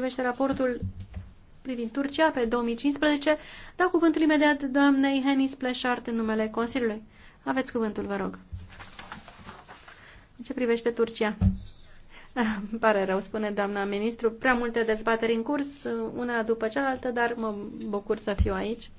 privește raportul privind Turcia pe 2015, dau cuvântul imediat doamnei Henny Pleșart în numele Consiliului. Aveți cuvântul, vă rog. În ce privește Turcia? Îmi pare rău, spune doamna ministru. Prea multe dezbateri în curs, una după cealaltă, dar mă bucur să fiu aici.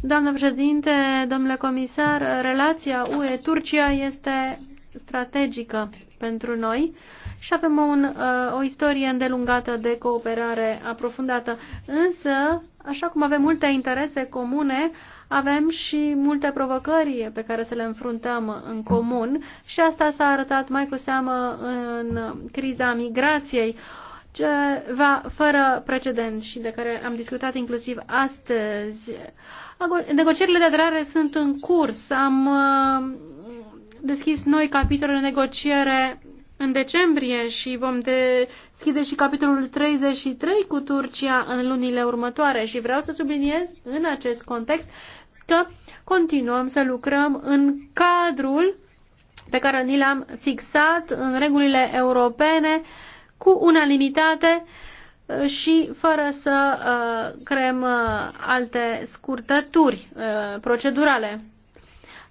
Doamnă președinte, domnule comisar, relația UE-Turcia este strategică pentru noi. Uh, și avem un, uh, o istorie îndelungată de cooperare aprofundată. Însă, așa cum avem multe interese comune, avem și multe provocări pe care să le înfruntăm în comun și asta s-a arătat mai cu seamă în criza migrației ceva fără precedent și de care am discutat inclusiv astăzi. Negocierile de aderare sunt în curs. Am uh, deschis noi capitole de negociere în decembrie și vom deschide și capitolul 33 cu Turcia în lunile următoare și vreau să subliniez în acest context că continuăm să lucrăm în cadrul pe care ni l-am fixat în regulile europene cu unanimitate uh, și fără să uh, creăm uh, alte scurtături uh, procedurale.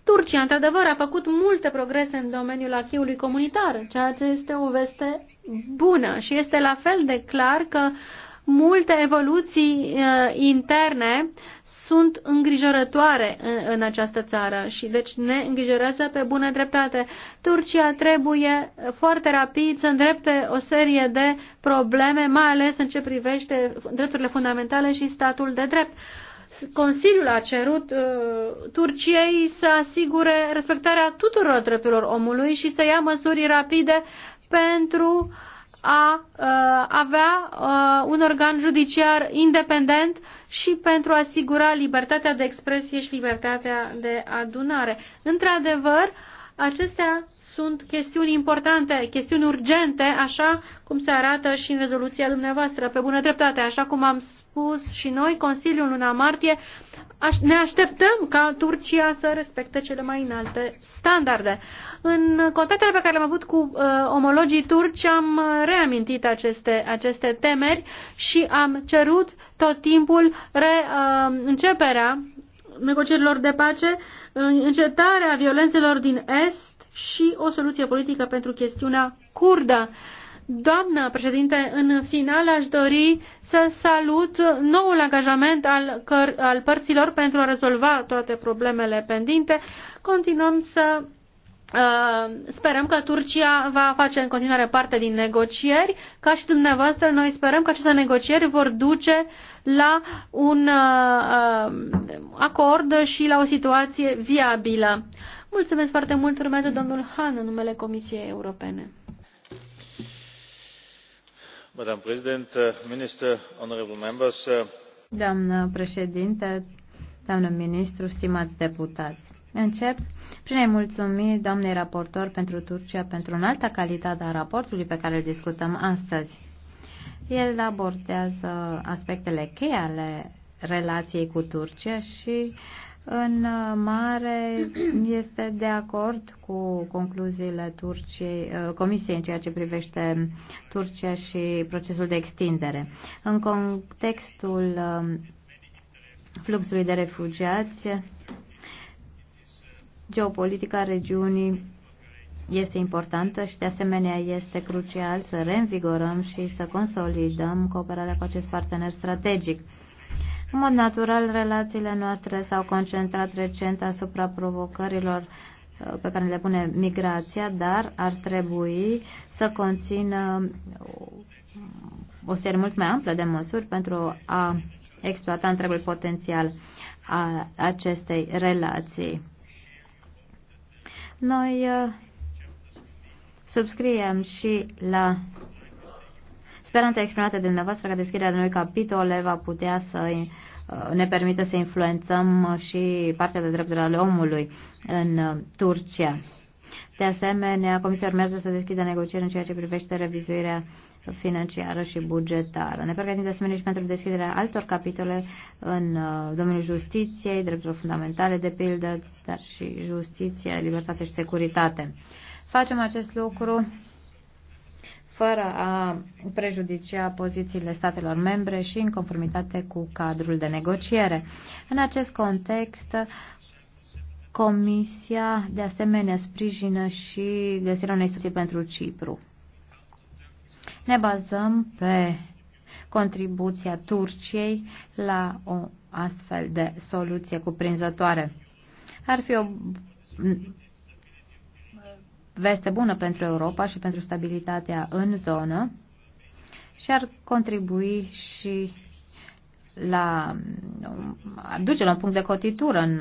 Turcia, într-adevăr, a făcut multe progrese în domeniul achiului comunitar, ceea ce este o veste bună și este la fel de clar că multe evoluții uh, interne sunt îngrijorătoare în, uh, în această țară și deci ne îngrijorează pe bună dreptate. Turcia trebuie foarte rapid să îndrepte o serie de probleme, mai ales în ce privește drepturile fundamentale și statul de drept. Uh, Consiliul a cerut uh, Turciei să asigure respectarea tuturor drepturilor omului și să ia măsuri rapide pentru a uh, avea uh, un organ judiciar independent și pentru a asigura libertatea de expresie și libertatea de adunare. Într-adevăr, acestea sunt chestiuni importante, chestiuni urgente, așa cum se arată și în rezoluția dumneavoastră. Pe bună dreptate, așa cum am spus și noi, Consiliul luna martie, ne așteptăm ca Turcia să respecte cele mai înalte standarde. În contactele pe care le-am avut cu uh, omologii turci am uh, reamintit aceste, aceste temeri și am cerut tot timpul re, uh, începerea negocierilor de pace, încetarea violențelor din Est, și o soluție politică pentru chestiunea curdă. Doamnă președinte, în final aș dori să salut noul angajament al, căr- al părților pentru a rezolva toate problemele pendinte. Continuăm să uh, sperăm că Turcia va face în continuare parte din negocieri. Ca și dumneavoastră, noi sperăm că aceste negocieri vor duce la un uh, uh acord și la o situație viabilă. Uh, Mulțumesc foarte mult. Urmează domnul Han în numele Comisiei Europene. Madame President, Minister, Honorable Members. Doamnă președinte, doamnă ministru, stimați deputați. Încep prin a-i mulțumi doamnei raportor pentru Turcia pentru înalta calitate a raportului pe care îl discutăm astăzi. El abordează aspectele cheie ale relației cu Turcia și uh, în mare este de acord cu concluziile Turciei, uh, Comisiei în ceea ce privește Turcia și procesul de extindere. În contextul um, fluxului de refugiați, geopolitica regiunii este importantă și de asemenea este crucial să reînvigorăm și să consolidăm cooperarea cu acest partener strategic. În mod natural, relațiile noastre s-au concentrat recent asupra provocărilor uh, pe care le pune migrația, dar ar trebui să conțină o serie mult mai amplă de măsuri pentru a exploata întregul potențial a acestei relații. Noi uh, subscriem și la speranța exprimată de dumneavoastră că deschiderea de noi capitole va putea să Uh, ne permite să influențăm și partea de drepturile ale omului în uh, Turcia. De asemenea, Comisia urmează să deschidă negocieri în ceea ce privește revizuirea financiară și bugetară. Ne pregătim de asemenea și pentru deschiderea altor capitole în uh, domeniul justiției, drepturilor fundamentale, de pildă, dar și justiție, libertate și securitate. Facem acest lucru fără a prejudicia pozițiile statelor membre și în conformitate cu cadrul de negociere. În acest context, Comisia de asemenea sprijină și găsirea unei soluții pentru Cipru. Ne bazăm pe contribuția Turciei la o astfel de soluție cuprinzătoare. Ar fi o veste bună pentru Europa și pentru stabilitatea în zonă și ar contribui și la aduce la un punct de cotitură în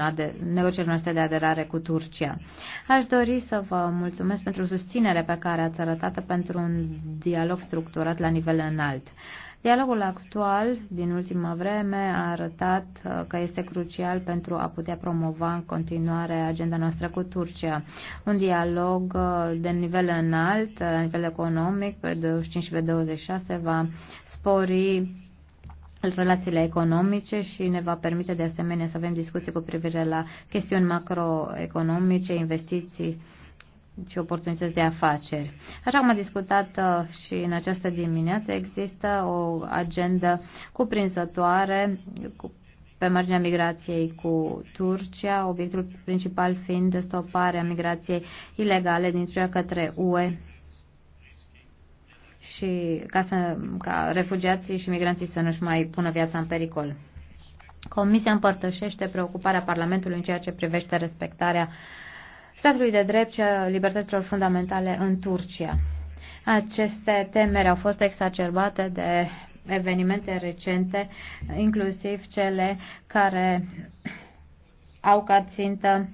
negocierile noastre de aderare cu Turcia. Aș dori să vă mulțumesc pentru susținere pe care ați arătat pentru un dialog structurat la nivel înalt. Dialogul actual din ultima vreme a arătat uh, că este crucial pentru a putea promova în continuare agenda noastră cu Turcia. Un dialog uh, de nivel înalt, uh, la nivel economic, pe 25 și pe 26 va spori relațiile economice și ne va permite de asemenea să avem discuții cu privire la chestiuni macroeconomice, investiții și oportunități de afaceri. Așa cum am discutat uh, și în această dimineață, există o agendă cuprinzătoare cu pe marginea migrației cu Turcia, obiectul principal fiind stoparea migrației ilegale din Turcia către UE și ca, să, ca refugiații și migranții să nu-și mai pună viața în pericol. Comisia împărtășește preocuparea Parlamentului în ceea ce privește respectarea uh, statului de drept și a libertăților fundamentale în Turcia. Aceste temeri au fost exacerbate de evenimente recente, inclusiv cele care au ca țintă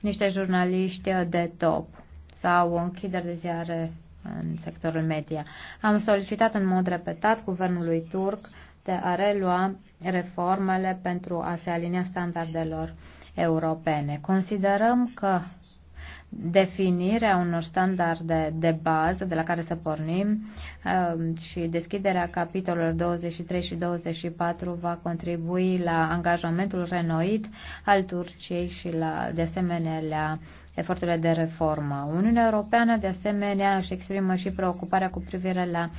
niște jurnaliști de top sau închideri de ziare în sectorul media. Am solicitat în mod repetat guvernului turc de a relua reformele pentru a se alinia standardelor europene. Considerăm că definirea unor standarde de bază de la care să pornim um, și deschiderea capitolelor 23 și 24 va contribui la angajamentul renoit al Turciei și la, de asemenea la eforturile de reformă. Uniunea Europeană de asemenea își exprimă și preocuparea cu privire la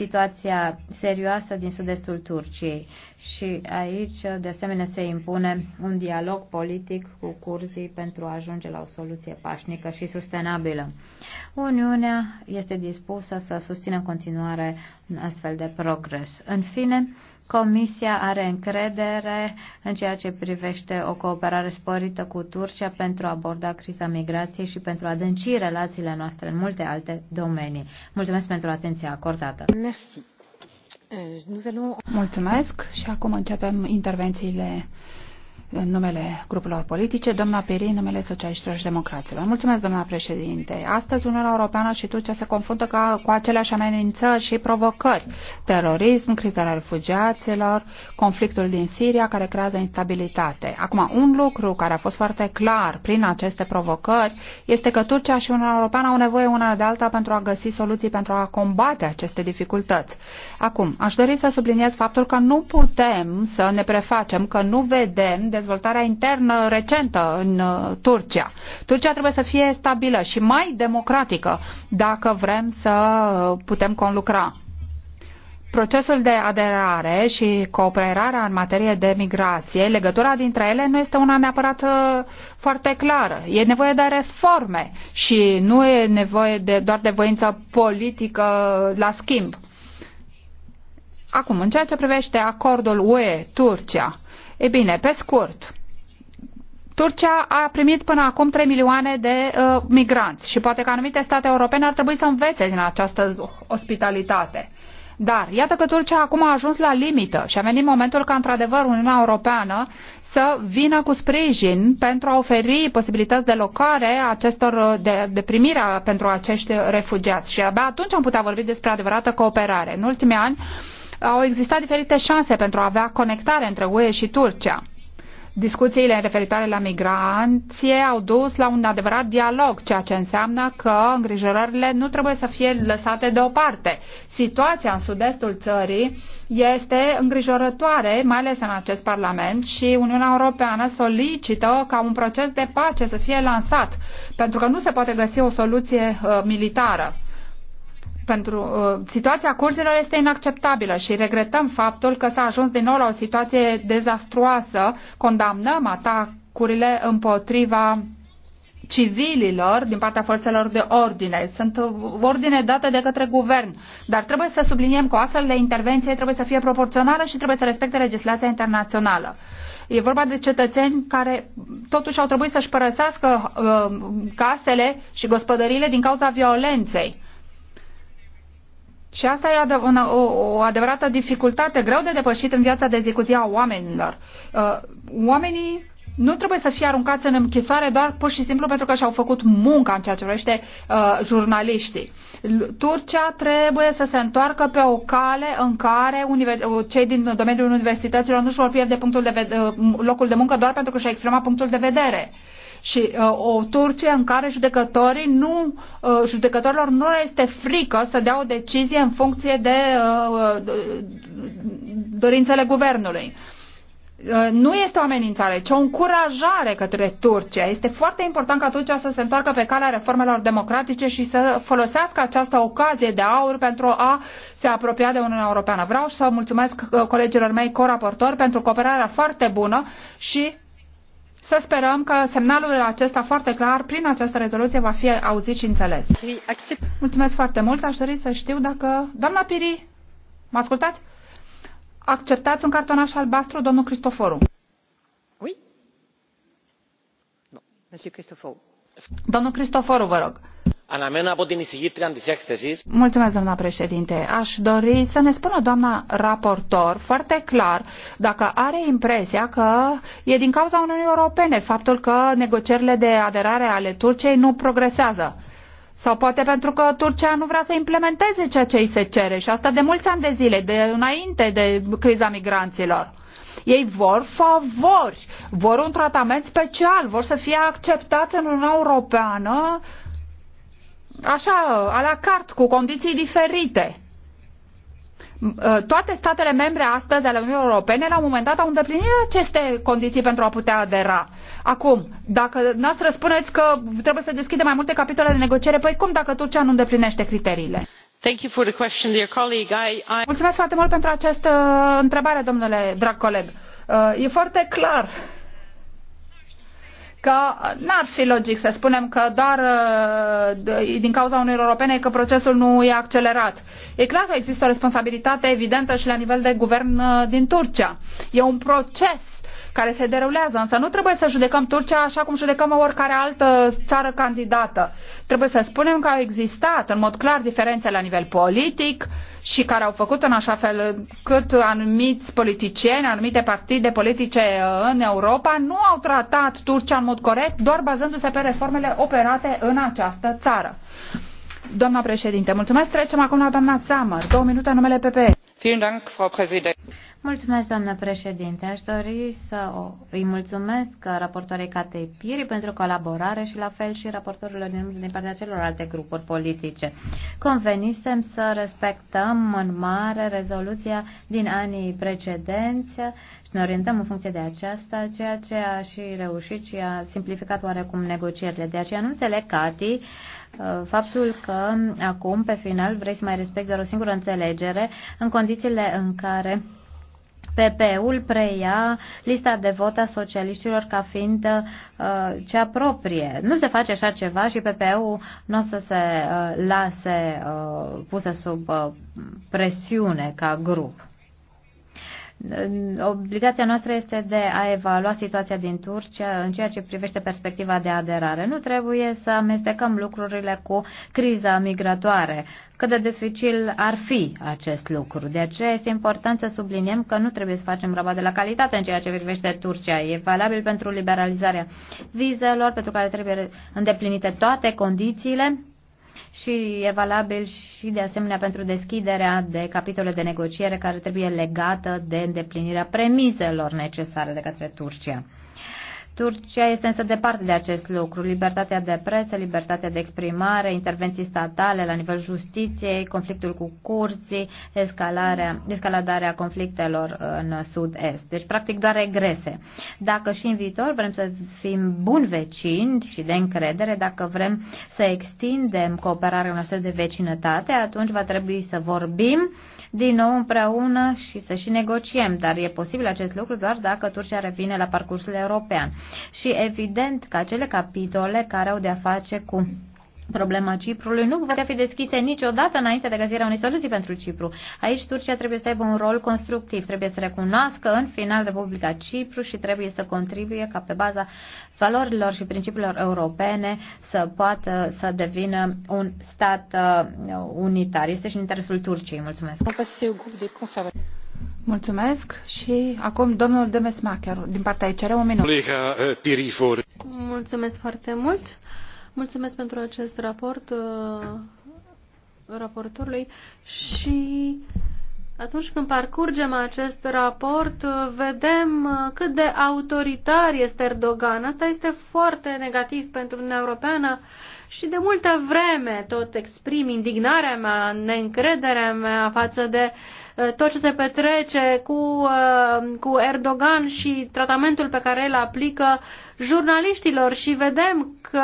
situația serioasă din sud-estul Turciei și aici, de asemenea, se impune un dialog politic cu curzii pentru a ajunge la o soluție pașnică și sustenabilă. Uniunea este dispusă să susțină în continuare un astfel de progres. În fine, Comisia are încredere în ceea ce privește o cooperare sporită cu Turcia pentru a aborda criza migrației și pentru a adânci relațiile noastre în multe alte domenii. Mulțumesc pentru atenția acordată. Euh, Mulțumesc și acum începem intervențiile în numele grupurilor politice, doamna Peri în numele socialiștilor și democraților. Mulțumesc, doamna președinte. Astăzi Uniunea Europeană și Turcia se confruntă ca, cu aceleași amenințări și provocări. Terorism, criza refugiaților, conflictul din Siria care creează instabilitate. Acum, un lucru care a fost foarte clar prin aceste provocări este că Turcia și Uniunea Europeană au nevoie una de alta pentru a găsi soluții pentru a combate aceste dificultăți. Acum, aș dori să subliniez faptul că nu putem să ne prefacem că nu vedem de dezvoltarea internă recentă în uh, Turcia. Turcia trebuie să fie stabilă și mai democratică dacă vrem să uh, putem conlucra. Procesul de aderare și cooperarea în materie de migrație, legătura dintre ele nu este una neapărat uh, foarte clară. E nevoie de reforme și nu e nevoie de, doar de voință politică la schimb. Acum, în ceea ce privește acordul UE-Turcia, E bine, pe scurt, Turcia a primit până acum 3 milioane de uh, migranți și poate că anumite state europene ar trebui să învețe din această ospitalitate. Dar iată că Turcia acum a ajuns la limită și a venit momentul ca într-adevăr Uniunea Europeană să vină cu sprijin pentru a oferi posibilități de locare acestor, uh, de, de primire pentru acești refugiați. Și abia atunci am putea vorbi despre adevărată cooperare. În ultimii ani au existat diferite șanse pentru a avea conectare între UE și Turcia. Discuțiile referitoare la migrație au dus la un adevărat dialog, ceea ce înseamnă că îngrijorările nu trebuie să fie lăsate deoparte. Situația în sud-estul țării este îngrijorătoare, mai ales în acest Parlament, și Uniunea Europeană solicită ca un proces de pace să fie lansat, pentru că nu se poate găsi o soluție uh, militară pentru uh, situația curselor este inacceptabilă și regretăm faptul că s-a ajuns din nou la o situație dezastruoasă. Condamnăm atacurile împotriva civililor din partea forțelor de ordine. Sunt ordine date de către guvern, dar trebuie să subliniem că o astfel de intervenție trebuie să fie proporțională și trebuie să respecte legislația internațională. E vorba de cetățeni care totuși au trebuit să-și părăsească uh, casele și gospodăriile din cauza violenței și asta e o, o adevărată dificultate greu de depășit în viața de zi cu zi a oamenilor. Uh, oamenii nu trebuie să fie aruncați în închisoare doar pur și simplu pentru că și-au făcut munca în ceea ce vrește uh, jurnaliștii. Turcia trebuie să se întoarcă pe o cale în care uh, cei din domeniul universităților nu și vor pierde punctul de uh, locul de muncă doar pentru că și-au exprimat punctul de vedere. Uh, și o uh, Turcie în care judecătorii nu, uh, judecătorilor nu este frică să dea o decizie în funcție de uh, dorințele guvernului nu este o amenințare, ci o încurajare către Turcia. Este foarte important ca Turcia să se întoarcă pe calea reformelor democratice și să folosească această ocazie de aur pentru a se apropia de Uniunea Europeană. Vreau să mulțumesc colegilor mei coraportori pentru cooperarea foarte bună și să sperăm că semnalul acesta foarte clar prin această rezoluție va fi auzit și înțeles. Mulțumesc foarte mult. Aș dori să știu dacă... Doamna Piri, mă ascultați? Acceptați un cartonaș albastru, domnul Cristoforu. Oui? Cristoforu. Domnul Cristoforu, vă rog. Mulțumesc, doamna președinte. Aș dori să ne spună doamna raportor foarte clar dacă are impresia că e din cauza Uniunii Europene faptul că negocierile de aderare ale Turciei nu progresează. Sau poate pentru că Turcia nu vrea să implementeze ceea ce îi se cere și asta de mulți ani de zile, de înainte de criza migranților. Ei vor favori, vor un tratament special, vor să fie acceptați în Uniunea Europeană așa, a la cart, cu condiții diferite. Ă, toate statele membre astăzi ale Uniunii Europene la un moment dat au îndeplinit aceste condiții pentru a putea adera. Acum, dacă noastră spuneți că trebuie să deschidem mai multe capitole de negociere, păi cum dacă Turcia nu îndeplinește criteriile? Thank you for the question, dear colleague. I, I... Mulțumesc foarte mult pentru această întrebare, domnule drag coleg. Ă, e foarte clar că n-ar fi logic să spunem că doar uh, din cauza Uniunii Europene că procesul nu e accelerat. E clar că există o responsabilitate evidentă și la nivel de guvern uh, din Turcia. E un proces care se derulează, însă nu trebuie să judecăm Turcia așa cum judecăm oricare altă țară candidată. Trebuie să spunem că au existat în mod clar diferențe la nivel politic și care au făcut în așa fel cât anumiți politicieni, anumite partide politice uh, în Europa nu au tratat Turcia în mod corect, doar bazându-se pe reformele operate în această țară. Doamna președinte, mulțumesc. Trecem acum la doamna Samăr. Două minute în numele PPE. Vielen Dank, Frau Präsident. Mulțumesc, doamnă președinte. Aș dori să îi mulțumesc raportoarei Catei Piri pentru colaborare și la fel și raportorilor din, din partea celorlalte grupuri politice. Convenisem să respectăm în mare rezoluția din anii precedenți și ne orientăm în funcție de aceasta, ceea ce a și reușit și a simplificat oarecum negocierile. De aceea nu înțeleg, Cati, uh, faptul că acum, pe final, vrei să mai respecti doar o singură înțelegere în condițiile în care PP-ul preia lista de vot a socialiștilor ca fiind uh, cea proprie. Nu se face așa ceva și PP-ul nu o să se uh, lase uh, pusă sub uh, presiune ca grup. Obligația noastră este de a evalua situația din Turcia în ceea ce privește perspectiva de aderare. Nu trebuie să amestecăm lucrurile cu criza migratoare, cât de dificil ar fi acest lucru. De aceea este important să subliniem că nu trebuie să facem rabat de la calitate în ceea ce privește Turcia. E valabil pentru liberalizarea vizelor, pentru care trebuie îndeplinite toate condițiile și e valabil și de asemenea pentru deschiderea de capitole de negociere care trebuie legată de îndeplinirea premizelor necesare de către Turcia. Turcia este însă departe de acest lucru. Libertatea de presă, libertatea de exprimare, intervenții statale la nivel justiției, conflictul cu curții, escalarea, escaladarea conflictelor în sud-est. Deci, practic, doar regrese. Dacă și în viitor vrem să fim buni vecini și de încredere, dacă vrem să extindem cooperarea noastră de vecinătate, atunci va trebui să vorbim din nou împreună și să și negociem, dar e posibil acest lucru doar dacă Turcia revine la parcursul european. Și evident că acele capitole care au de-a face cu Problema Ciprului nu putea fi deschise niciodată înainte de găsirea unei soluții pentru Cipru. Aici Turcia trebuie să aibă un rol constructiv, trebuie să recunoască în final Republica Cipru și trebuie să contribuie ca pe baza valorilor și principiilor europene să poată să devină un stat uh, unitar. Este și în interesul Turciei. Mulțumesc. Mulțumesc și acum domnul Demesmacher din partea ICR, un minut. Uh, Mulțumesc foarte mult. Mulțumesc pentru acest raport uh, raportorului și atunci când parcurgem acest raport, uh, vedem uh, cât de autoritar este Erdogan. Asta este foarte negativ pentru Uniunea Europeană și de multă vreme tot exprim indignarea mea, neîncrederea mea față de uh, Uh, tot ce se petrece cu, uh, cu Erdogan și tratamentul pe care îl aplică jurnaliștilor și vedem că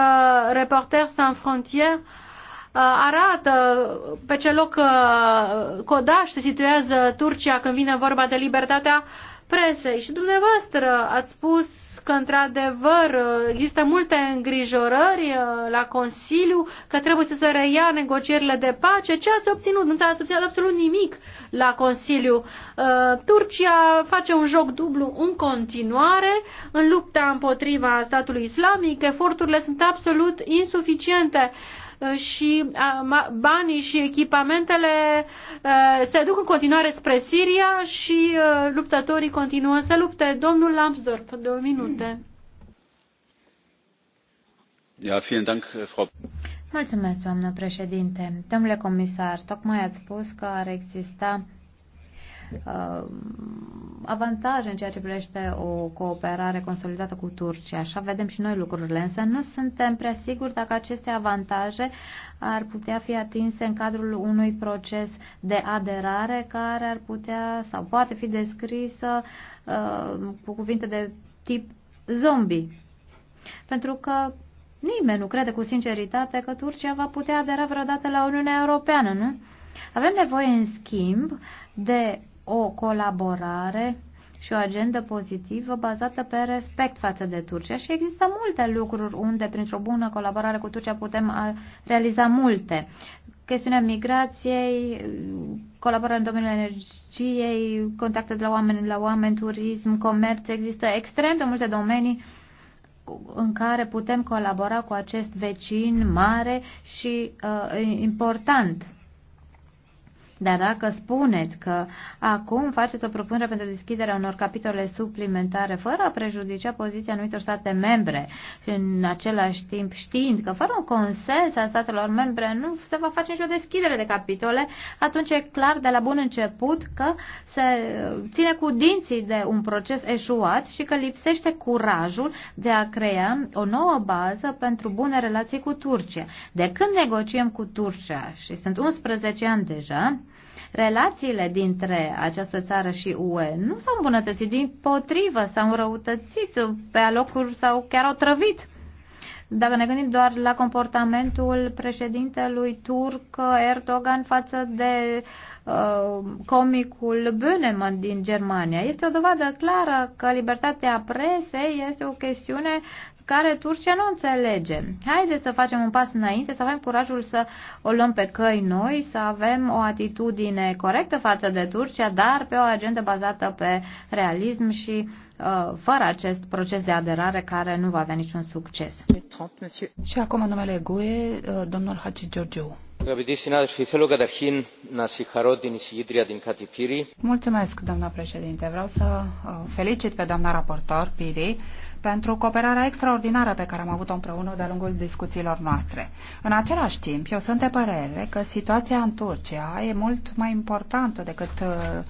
Reporters Sans Frontières uh, arată pe ce loc codaș se situează Turcia când vine vorba de libertatea presei. Și dumneavoastră ați spus că, într-adevăr, există multe îngrijorări uh, la Consiliu, că trebuie să se reia negocierile de pace. Ce ați obținut? Nu ați obținut absolut nimic la Consiliu. Uh, Turcia face un joc dublu în continuare în lupta împotriva statului islamic. Eforturile sunt absolut insuficiente. Uh, și uh, banii și echipamentele uh, se duc în continuare spre Siria și luptătorii continuă să lupte. Domnul Lambsdorff, două minute. Ja, vielen Dank, Frau Mulțumesc, doamnă președinte. Domnule comisar, tocmai ați spus că ar exista Uh, avantaje în ceea ce privește o cooperare consolidată cu Turcia. Așa vedem și noi lucrurile, însă nu suntem prea siguri dacă aceste avantaje ar putea fi atinse în cadrul unui proces de aderare care ar putea sau poate fi descrisă uh, cu cuvinte de tip zombie. Pentru că nimeni nu crede cu sinceritate că Turcia va putea adera vreodată la Uniunea Europeană, nu? Avem nevoie, în schimb, de o colaborare și o agendă pozitivă bazată pe respect față de Turcia și există multe lucruri unde printr-o bună colaborare cu Turcia putem realiza multe. Chestiunea migrației, colaborare în domeniul energiei, contacte de la oameni la oameni, turism, comerț, există extrem de multe domenii în care putem colabora cu acest vecin mare și uh, important. Dar dacă spuneți că acum faceți o propunere pentru deschiderea unor capitole suplimentare fără a prejudicia poziția anumitor state membre și în același timp știind că fără un consens a statelor membre nu se va face nicio deschidere de capitole, atunci e clar de la bun început că se uh, ține cu dinții de un proces eșuat și că lipsește curajul de a crea o nouă bază pentru bune relații cu Turcia. De când negociem cu Turcia, și sunt 11 ani deja, Relațiile dintre această țară și UE nu s-au îmbunătățit, din potrivă s-au răutățit pe alocuri sau chiar au trăvit. Dacă ne gândim doar la comportamentul președintelui turc Erdogan față de uh, comicul Böhnemann din Germania, este o dovadă clară că libertatea presei este o chestiune care Turcia nu înțelege. Haideți să facem un pas înainte, să avem curajul să o luăm pe căi noi, să avem o atitudine corectă față de Turcia, dar pe o agendă bazată pe realism și uh, fără acest proces de aderare care nu va avea niciun succes. Și acum în numele GUE, uh, domnul Hagi Georgiou. Mulțumesc, doamna președinte. Vreau să uh, felicit pe doamna raportor Piri pentru cooperarea extraordinară pe care am avut-o împreună de-a lungul discuțiilor noastre. În același timp, eu sunt de părere că situația în Turcia e mult mai importantă decât uh,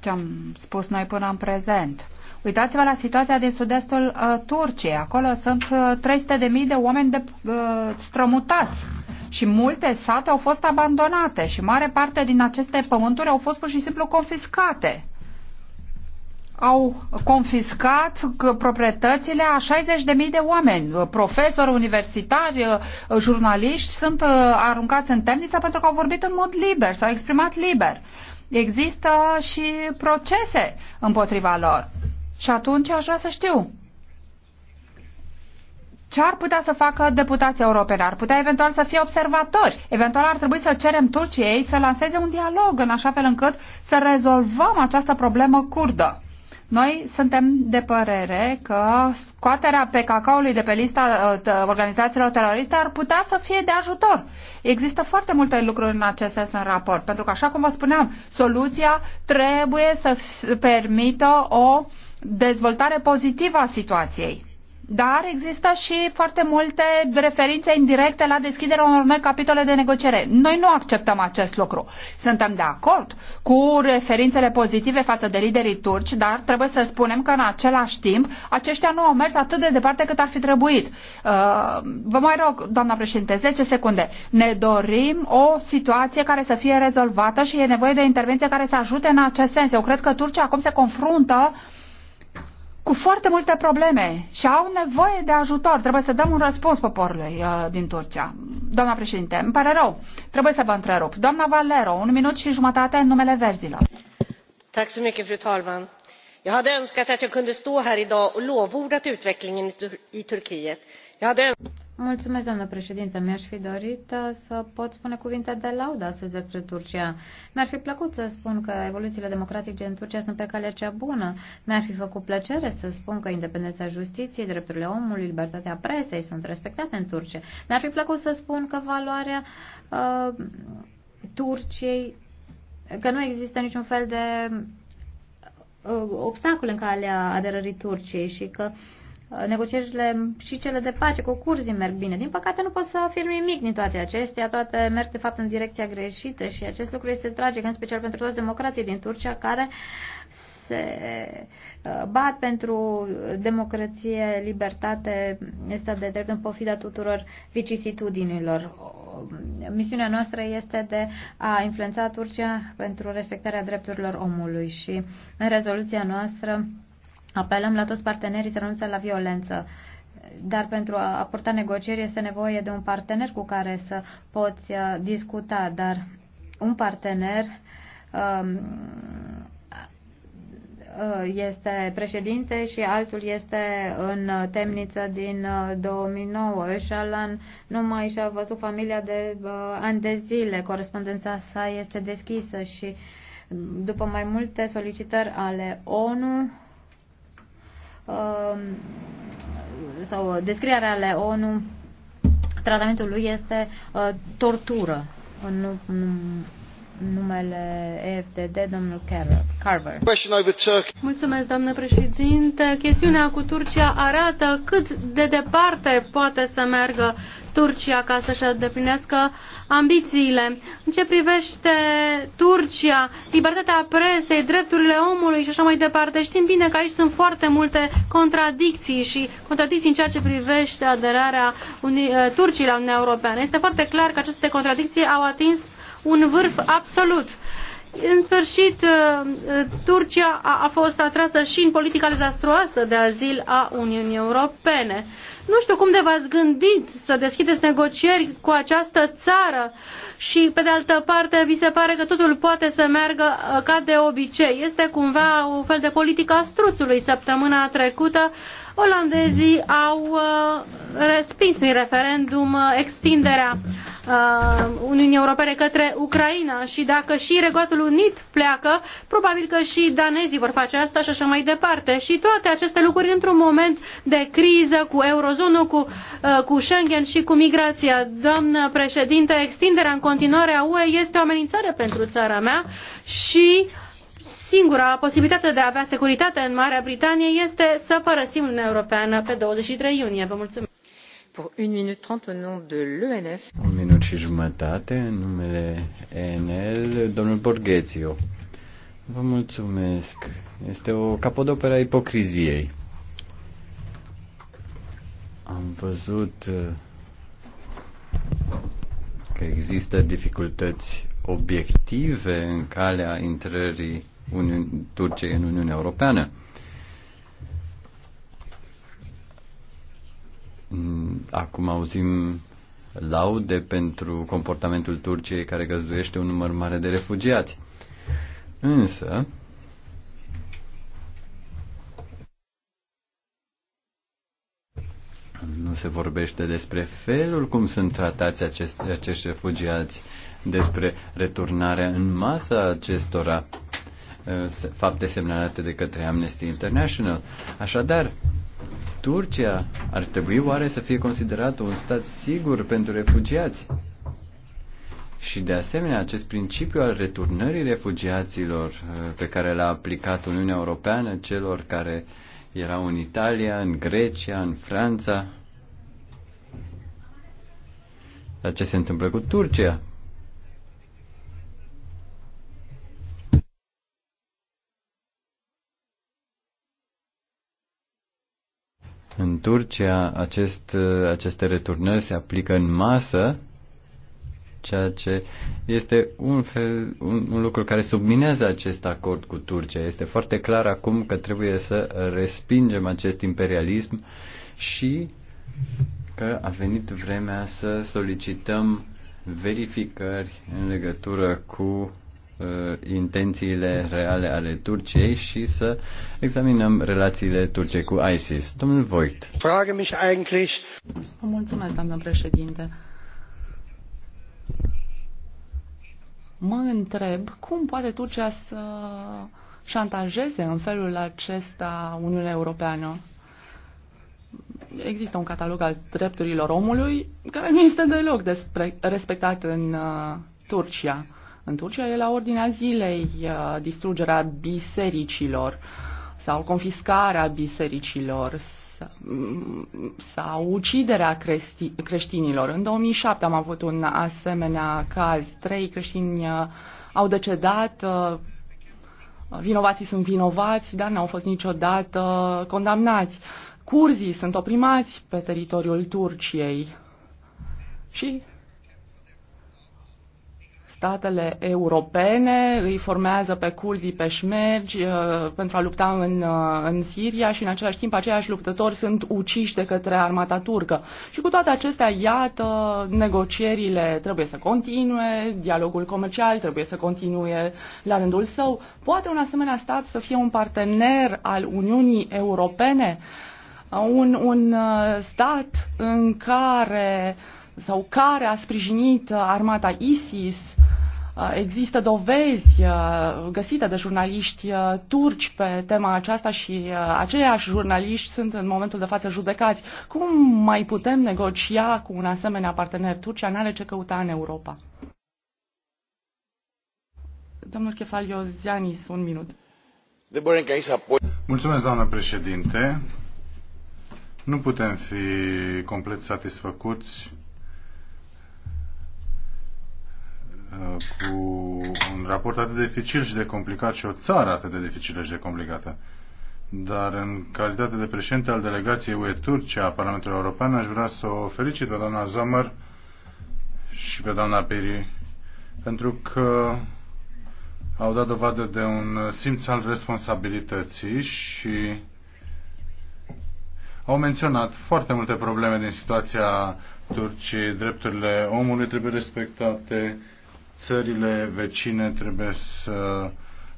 ce am spus noi până în prezent. Uitați-vă la situația din sud-estul uh, Turciei. Acolo sunt uh, 300.000 de oameni de, uh, strămutați și multe sate au fost abandonate și mare parte din aceste pământuri au fost pur și simplu confiscate. Uh, au confiscat proprietățile a 60.000 de oameni. Profesori, universitari, jurnaliști sunt uh, aruncați în temniță pentru că au vorbit în mod liber, s-au exprimat liber. Există și procese împotriva lor. Și atunci aș vrea să știu. Ce ar putea să facă deputații europene? Ar putea eventual să fie observatori. Eventual ar trebui să cerem Turciei să lanseze un dialog în așa fel încât să rezolvăm această problemă curdă. Noi suntem de părere că scoaterea pe cacaului de pe lista ă, ă, organizațiilor teroriste ar putea să fie de ajutor. Există foarte multe lucruri în acest sens în raport, pentru că, așa cum vă spuneam, soluția trebuie să permită o dezvoltare pozitivă a situației. Dar există și foarte multe referințe indirecte la deschiderea unor noi capitole de negociere. Noi nu acceptăm acest lucru. Suntem de acord cu referințele pozitive față de liderii turci, dar trebuie să spunem că în același timp aceștia nu au mers atât de departe cât ar fi trebuit. Uh, vă mai rog, doamna președinte, 10 secunde. Ne dorim o situație care să fie rezolvată și e nevoie de intervenție care să ajute în acest sens. Eu cred că Turcia acum se confruntă uh, cu foarte multe probleme și au nevoie de ajutor. Trebuie să dăm un răspuns poporului uh, din Turcia. Doamna președinte, îmi pare rău. Trebuie să vă întrerup. Doamna Valero, un minut și jumătate în numele verzilor. Tack så mycket, fru talman. Jag hade önskat att jag kunde stå här idag och lovordat utvecklingen i Turkiet. Jag hade Mulțumesc, doamnă președinte. Mi-aș fi dorit uh, să pot spune cuvinte de laudă astăzi despre Turcia. Mi-ar fi plăcut să spun că evoluțiile democratice în Turcia sunt pe calea cea bună. Mi-ar fi făcut plăcere să spun că independența justiției, drepturile omului, libertatea presei sunt respectate în Turcia. Mi-ar fi plăcut să spun că valoarea uh, Turciei, că nu există niciun fel de uh, obstacol în calea aderării Turciei și că uh, negocierile și cele de pace cu curzii merg bine. Din păcate nu pot să afirm nimic din toate acestea, toate merg de fapt în direcția greșită și acest lucru este tragic, în special pentru toți democrații din Turcia care se uh, bat pentru democrație, libertate, este de drept în pofida tuturor vicisitudinilor. Uh, misiunea noastră este de a influența Turcia pentru respectarea drepturilor omului și în rezoluția noastră Apelăm la toți partenerii să renunțe la violență. Dar pentru a purta negocieri este nevoie de un partener cu care să poți uh, discuta, dar un partener um, uh, este președinte și altul este în temniță din 2009. Uh, Öcalan nu mai și-a văzut familia de uh, ani de zile. Corespondența sa este deschisă și mm, după mai multe solicitări ale ONU, Um, sau descrierea ale ONU, tratamentul lui este uh, tortură nu, numele EFDD, domnul Carver. Mulțumesc, doamnă președinte. Chestiunea cu Turcia arată cât de departe poate să meargă Turcia ca să-și îndeplinească ambițiile. În ce privește Turcia, libertatea presei, drepturile omului și așa mai departe, știm bine că aici sunt foarte multe contradicții și contradicții în ceea ce privește aderarea Turciei la Uniunea Europeană. Este foarte clar că aceste contradicții au atins uh, un vârf absolut. În sfârșit, uh, uh, Turcia a fost atrasă și în politica dezastruoasă de azil a Uniunii Europene. Nu știu cum de v-ați gândit să deschideți negocieri cu această țară și, pe de altă parte, vi se pare că totul poate să meargă uh, ca de obicei. Este cumva un fel de politică a struțului. Săptămâna trecută, olandezii au respins prin referendum extinderea Uh, Uniunii Europene către Ucraina și dacă și Regatul Unit pleacă, probabil că și danezii vor face asta și așa mai departe. Și toate aceste lucruri într-un moment de criză cu eurozonul, cu, uh, cu Schengen și cu migrația. Doamnă președinte, extinderea în continuare a UE este o amenințare pentru țara mea și singura posibilitate de a avea securitate în Marea Britanie este să părăsim Uniunea Europeană pe 23 iunie. Vă mulțumesc! Un minut și jumătate în numele ENL, domnul Borghețiu. Vă mulțumesc. Este o capodoperă a ipocriziei. Am văzut uh, că există dificultăți obiective în calea intrării Uniun- Turciei în Uniunea Europeană. Acum auzim laude pentru comportamentul Turciei care găzduiește un număr mare de refugiați. Însă, nu se vorbește despre felul cum sunt tratați acest, acești refugiați, despre returnarea în masă a acestora, fapte semnalate de către Amnesty International. Așadar, Turcia ar trebui oare să fie considerată un stat sigur pentru refugiați? Și de asemenea, acest principiu al returnării refugiaților uh, pe care l-a aplicat Uniunea Europeană celor care erau în Italia, în Grecia, în Franța, dar ce se întâmplă cu Turcia? În Turcia acest, aceste returnări se aplică în masă, ceea ce este un, fel, un, un lucru care subminează acest acord cu Turcia. Este foarte clar acum că trebuie să respingem acest imperialism și că a venit vremea să solicităm verificări în legătură cu Uh, intențiile reale ale Turciei și să examinăm relațiile Turciei cu ISIS. Domnul Voigt. Frage mich eigentlich. Vă mulțumesc, doamnă președinte. Mă întreb cum poate Turcia să șantajeze în felul acesta Uniunea Europeană. Există un catalog al drepturilor omului care nu este deloc respectat în uh, Turcia. În Turcia e la ordinea zilei uh, distrugerea bisericilor sau confiscarea bisericilor sau uciderea creștinilor. În 2007 am avut un asemenea caz. Trei creștini uh, au decedat, uh, vinovații sunt vinovați, dar n-au fost niciodată condamnați. Curzii sunt oprimați pe teritoriul Turciei. Și statele europene, îi formează pe curzii uh, pentru a lupta în, uh, în Siria și în același timp aceiași luptători sunt uciși de către armata turcă. Și cu toate acestea, iată, negocierile trebuie să continue, dialogul comercial trebuie să continue la rândul său. Poate un asemenea stat să fie un partener al Uniunii Europene? un, un uh, stat în care sau care a sprijinit armata ISIS uh, Uh, există dovezi uh, găsite de jurnaliști uh, turci pe tema aceasta și aceiași jurnaliști sunt în momentul de față judecați. Cum mai putem negocia cu un asemenea partener? Turcia n-are ce căuta în Europa. Domnul Chefalio Zianis, un minut. Mulțumesc, doamnă președinte. Nu putem fi complet satisfăcuți cu un raport atât de dificil și de complicat și o țară atât de dificilă și de complicată. Dar în calitate de președinte al delegației UE Turcia a Parlamentului European aș vrea să o felicit pe doamna Zomer și pe doamna Peri pentru că au dat dovadă de un simț al responsabilității și au menționat foarte multe probleme din situația Turciei, drepturile omului trebuie respectate, țările vecine trebuie să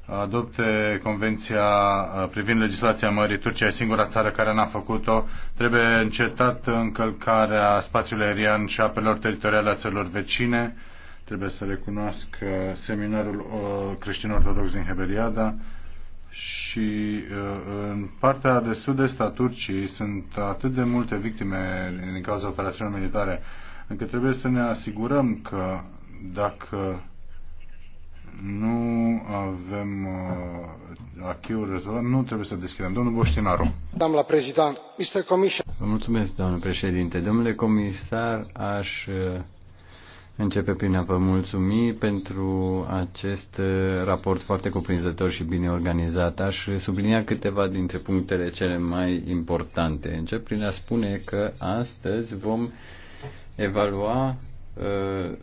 adopte convenția uh, privind legislația Mării. Turcia e singura țară care n-a făcut-o. Trebuie încetat încălcarea spațiului aerian și apelor teritoriale a țărilor vecine. Trebuie să recunosc seminarul uh, creștin-ortodox din Heberiada și uh, în partea de sud-est a Turciei sunt atât de multe victime din cauza operațiunilor militare încât trebuie să ne asigurăm că dacă nu avem uh, acheul rezolvat, nu trebuie să deschidem. Domnul Boștinaru. Doamna prezident, Mr. Commissioner. Vă mulțumesc, doamnă președinte. Domnule comisar, aș uh, începe prin a vă mulțumi pentru acest uh, raport foarte cuprinzător și bine organizat. Aș sublinia câteva dintre punctele cele mai importante. Încep prin a spune că astăzi vom evalua uh,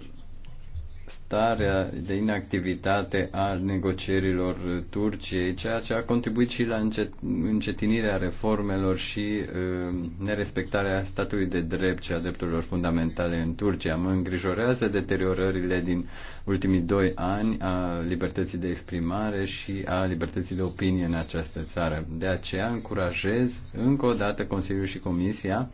starea de inactivitate a negocierilor Turciei, ceea ce a contribuit și la încet, încetinirea reformelor și uh, nerespectarea statului de drept și a drepturilor fundamentale în Turcia. Mă îngrijorează deteriorările din ultimii doi ani a libertății de exprimare și a libertății de opinie în această țară. De aceea încurajez încă o dată Consiliul și Comisia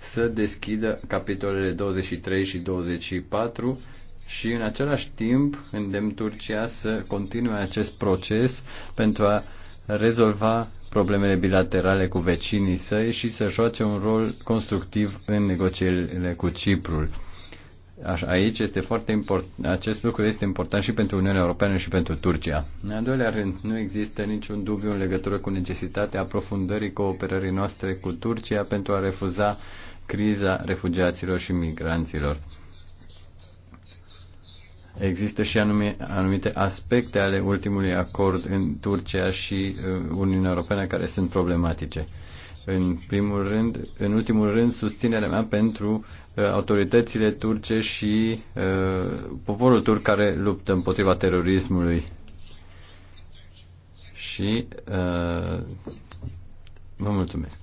să deschidă capitolele 23 și 24 și în același timp îndemn Turcia să continue acest proces pentru a rezolva problemele bilaterale cu vecinii săi și să joace un rol constructiv în negocierile cu Ciprul. Aici este foarte important, acest lucru este important și pentru Uniunea Europeană și pentru Turcia. În al doilea rând, nu există niciun dubiu în legătură cu necesitatea aprofundării cooperării noastre cu Turcia pentru a refuza criza refugiaților și migranților. Există și anumite aspecte ale ultimului acord în Turcia și uh, Uniunea Europeană care sunt problematice. În primul rând, în ultimul rând, susținerea mea pentru uh, autoritățile turce și uh, poporul turc care luptă împotriva terorismului și uh, vă mulțumesc.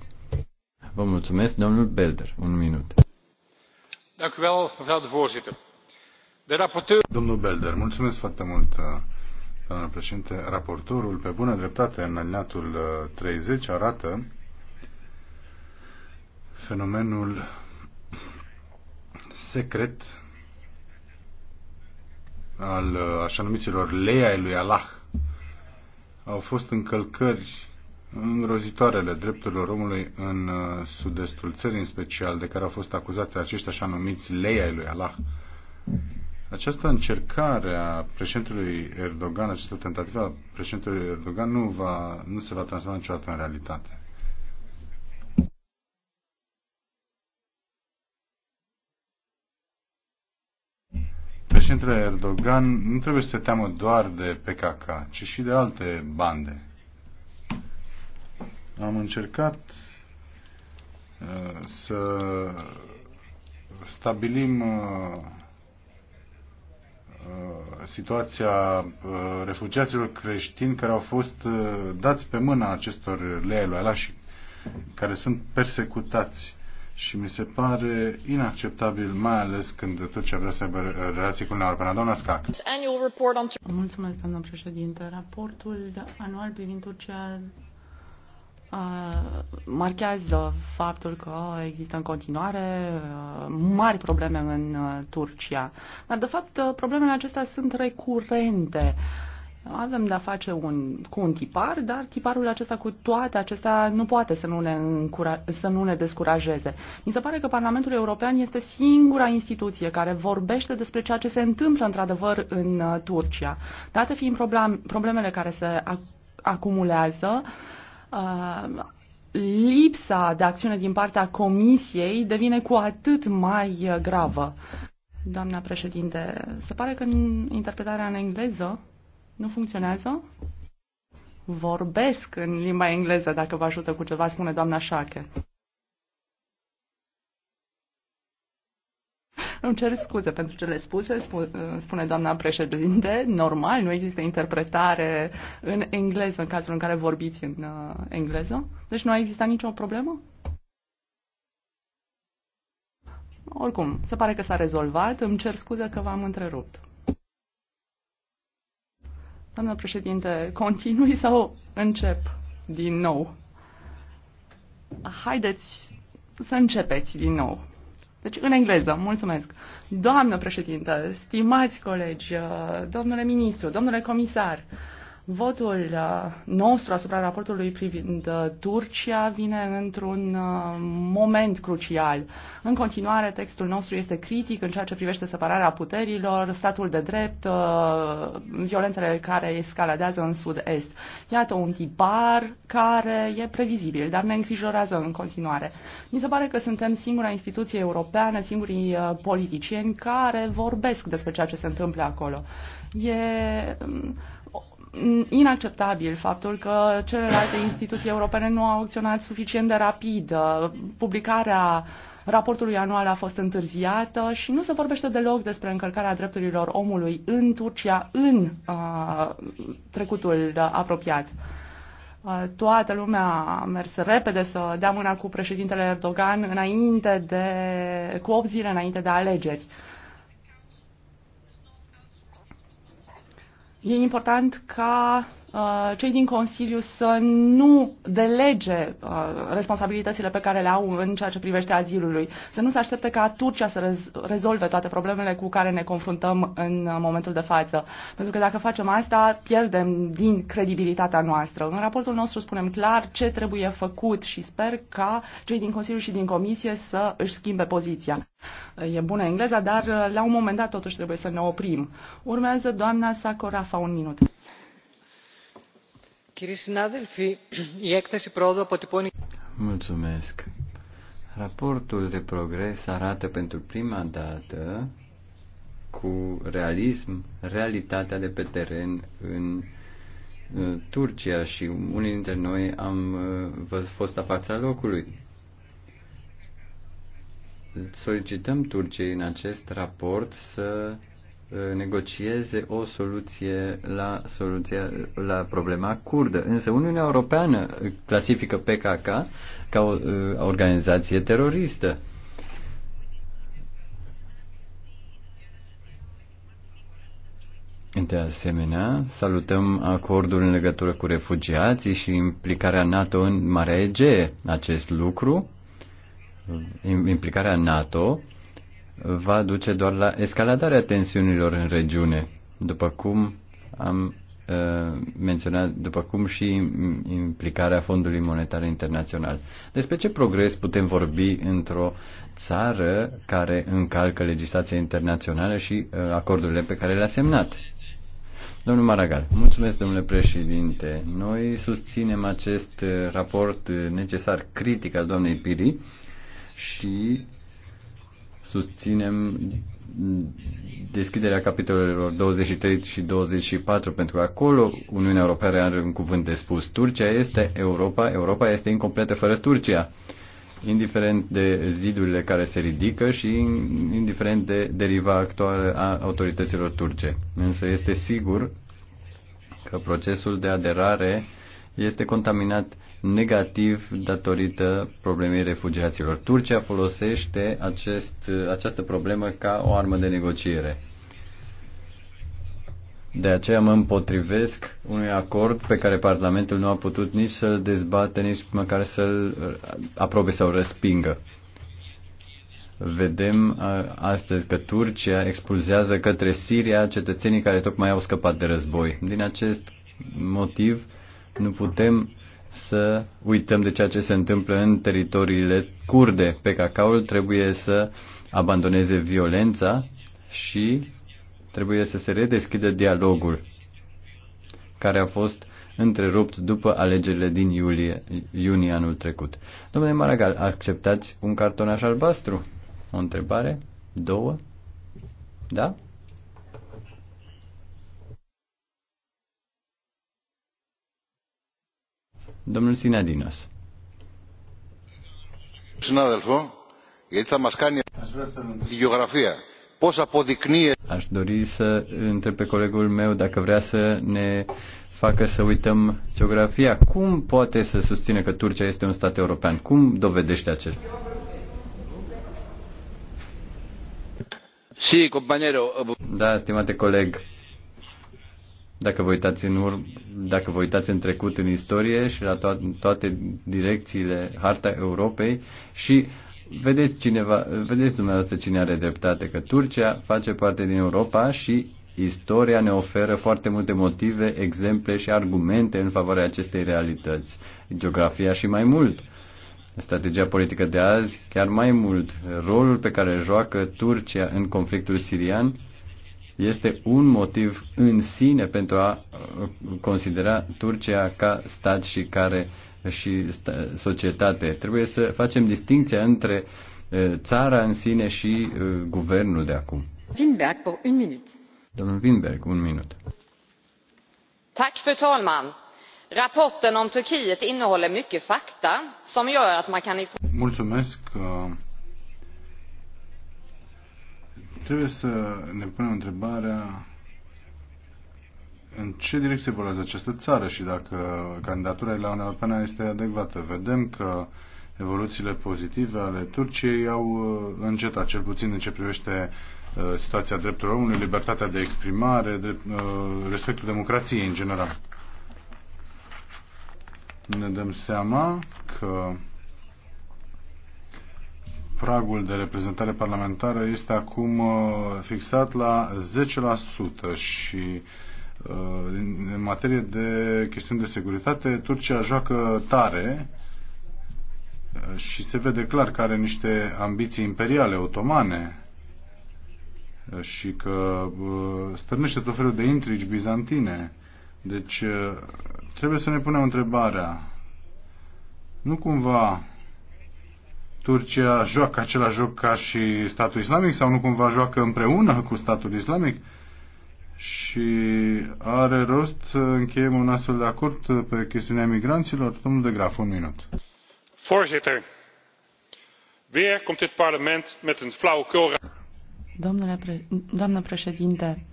Vă mulțumesc, domnul Belder. Un minut. Dank u wel, mevrouw de voorzitter. Domnul Belder, mulțumesc foarte mult, uh, doamnă președinte. Raportorul, pe bună dreptate, în alineatul 30, uh, arată fenomenul secret al uh, așa numiților lei lui Allah. Au fost încălcări îngrozitoarele drepturilor omului în sud-estul țării, în special, de care au fost acuzate acești așa numiți lei lui Allah această încercare a președintelui Erdogan, această tentativă a președintelui Erdogan nu, va, nu se va transforma niciodată în realitate. Președintele Erdogan nu trebuie să se teamă doar de PKK, ci și de alte bande. Am încercat uh, să stabilim uh, Uh, situația uh, refugiaților creștini care au fost uh, dați pe mâna acestor lei lui și care sunt persecutați și mi se pare inacceptabil, mai ales când Turcia vrea să aibă relații cu Uniunea Doamna Scac. Mulțumesc, doamnă președinte. Raportul anual privind Turcia Uh, marchează faptul că există în continuare uh, mari probleme în uh, Turcia. Dar, de fapt, problemele acestea sunt recurente. Avem de-a face un, cu un tipar, dar tiparul acesta cu toate acestea nu poate să nu, ne încura, să nu ne descurajeze. Mi se pare că Parlamentul European este singura instituție care vorbește despre ceea ce se întâmplă într-adevăr în Turcia. Date fiind problem, problemele care se acumulează, uh, Uh, lipsa de acțiune din partea Comisiei devine cu atât mai gravă. Doamna președinte, se pare că interpretarea în engleză nu funcționează? Vorbesc în limba engleză, dacă vă ajută cu ceva, spune doamna Șache. Îmi cer scuze pentru cele spuse, spune doamna președinte. Normal, nu există interpretare în engleză în cazul în care vorbiți în uh, engleză. Deci nu a existat nicio problemă? Oricum, se pare că s-a rezolvat. Îmi cer scuze că v-am întrerupt. Doamna președinte, continui sau încep din nou? Haideți să începeți din nou. Deci în engleză, mulțumesc. Doamnă președintă, stimați colegi, domnule ministru, domnule comisar, uh, Votul uh, nostru asupra raportului privind uh, Turcia vine într-un uh, moment crucial. În continuare, textul nostru este critic în ceea ce privește separarea puterilor, statul de drept, violențele care escaladează în sud-est. Iată un tipar care e previzibil, dar ne îngrijorează în continuare. Mi se pare că suntem singura instituție europeană, singurii politicieni care vorbesc despre ceea ce se întâmplă acolo. E um, inacceptabil faptul că celelalte instituții europene nu au acționat suficient de rapid. Publicarea raportului anual a fost întârziată și nu se vorbește deloc despre încălcarea drepturilor omului în Turcia în uh, trecutul apropiat. Uh, toată lumea a mers repede să dea mâna cu președintele Erdogan înainte de, cu 8 zile înainte de alegeri. Uh, E important ca Uh, cei din Consiliu să nu delege uh, responsabilitățile pe care le au în ceea ce privește azilului, să nu se aștepte ca Turcia să rezolve toate problemele cu care ne confruntăm în uh, momentul de față. Pentru că dacă facem asta, pierdem din credibilitatea noastră. În raportul nostru spunem clar ce trebuie făcut și sper ca cei din Consiliu și din Comisie să își schimbe poziția. E bună engleza, dar la un moment dat totuși trebuie să ne oprim. Urmează doamna Sacorafa un minut. Mulțumesc. Raportul de progres arată pentru prima dată cu realism realitatea de pe teren în Turcia și unii dintre noi am fost la fața locului. Solicităm Turciei în acest raport să negocieze o soluție la, soluția, la problema curdă. Însă Uniunea Europeană clasifică PKK ca o uh, organizație teroristă. De asemenea, salutăm acordul în legătură cu refugiații și implicarea NATO în Marea Egee. Acest lucru, implicarea NATO, va duce doar la escaladarea tensiunilor în regiune, după cum am uh, menționat, după cum și implicarea Fondului Monetar Internațional. Despre ce progres putem vorbi într-o țară care încalcă legislația internațională și uh, acordurile pe care le-a semnat? Domnul Maragal, mulțumesc, domnule președinte. Noi susținem acest uh, raport necesar critic al doamnei Piri și susținem deschiderea capitolelor 23 și 24, pentru că acolo Uniunea Europeană are un cuvânt de spus. Turcia este Europa, Europa este incompletă fără Turcia, indiferent de zidurile care se ridică și indiferent de deriva actuală a autorităților turce. Însă este sigur că procesul de aderare este contaminat negativ datorită problemei refugiaților. Turcia folosește acest, această problemă ca o armă de negociere. De aceea mă împotrivesc unui acord pe care Parlamentul nu a putut nici să-l dezbate, nici măcar să-l aprobe sau respingă. Vedem astăzi că Turcia expulzează către Siria cetățenii care tocmai au scăpat de război. Din acest motiv nu putem să uităm de ceea ce se întâmplă în teritoriile curde. PKK-ul trebuie să abandoneze violența și trebuie să se redeschidă dialogul care a fost întrerupt după alegerile din iulie, iunie anul trecut. Domnule Maragal, acceptați un cartonaș albastru? O întrebare? Două? Da? Domnul Sinadinos. Aș dori să întreb pe colegul meu dacă vrea să ne facă să uităm geografia. Cum poate să susține că Turcia este un stat european? Cum dovedește acest? Da, stimate coleg, dacă vă uitați în, ur- dacă vă uitați în trecut, în istorie și la to- toate direcțiile harta Europei și vedeți, cineva, vedeți dumneavoastră cine are dreptate, că Turcia face parte din Europa și istoria ne oferă foarte multe motive, exemple și argumente în favoarea acestei realități. Geografia și mai mult. Strategia politică de azi, chiar mai mult, rolul pe care îl joacă Turcia în conflictul sirian este un motiv în sine pentru a uh, considera Turcia ca stat și care și societate. Trebuie să facem distinția între uh, țara în sine și uh, guvernul de acum. Winberg, por un minut. Domnul Winberg, un minut. Tack, fru talman. Rapporten om Turkiet innehåller mycket fakta som gör att man kan... Mulțumesc. Uh trebuie să ne punem întrebarea în ce direcție evoluează această țară și dacă candidatura la Uniunea Europeană este adecvată. Vedem că evoluțiile pozitive ale Turciei au uh, încetat, cel puțin în ce privește uh, situația drepturilor omului, libertatea de exprimare, uh, respectul democrației în general. Ne dăm seama că pragul de reprezentare parlamentară este acum uh, fixat la 10% și uh, în materie de chestiuni de securitate, Turcia joacă tare uh, și se vede clar că are niște ambiții imperiale, otomane și că stârnește tot felul de intrigi bizantine. Deci trebuie să ne punem întrebarea nu cumva Turcia joacă același joc ca și statul islamic sau nu cumva joacă împreună cu statul islamic? Și are rost să încheiem un astfel de acord pe chestiunea migranților? Domnul de Graf, un minut. Voorzitter, weer komt dit parlement met een flauwekul... Domnule Doamnă președinte,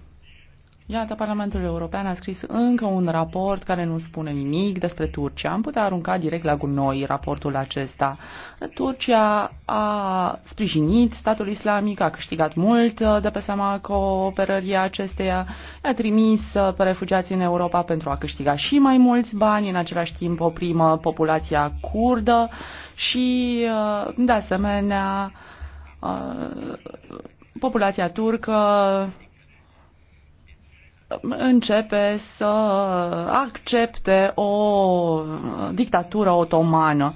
Iată, Parlamentul European a scris încă un raport care nu spune nimic despre Turcia. Am putea arunca direct la gunoi raportul acesta. Turcia a sprijinit statul islamic, a câștigat mult uh, de pe seama cooperării acesteia, a trimis uh, pe refugiații în Europa pentru a câștiga și mai mulți bani, în același timp oprimă populația curdă și, uh, de asemenea, populația turcă începe să accepte o dictatură otomană.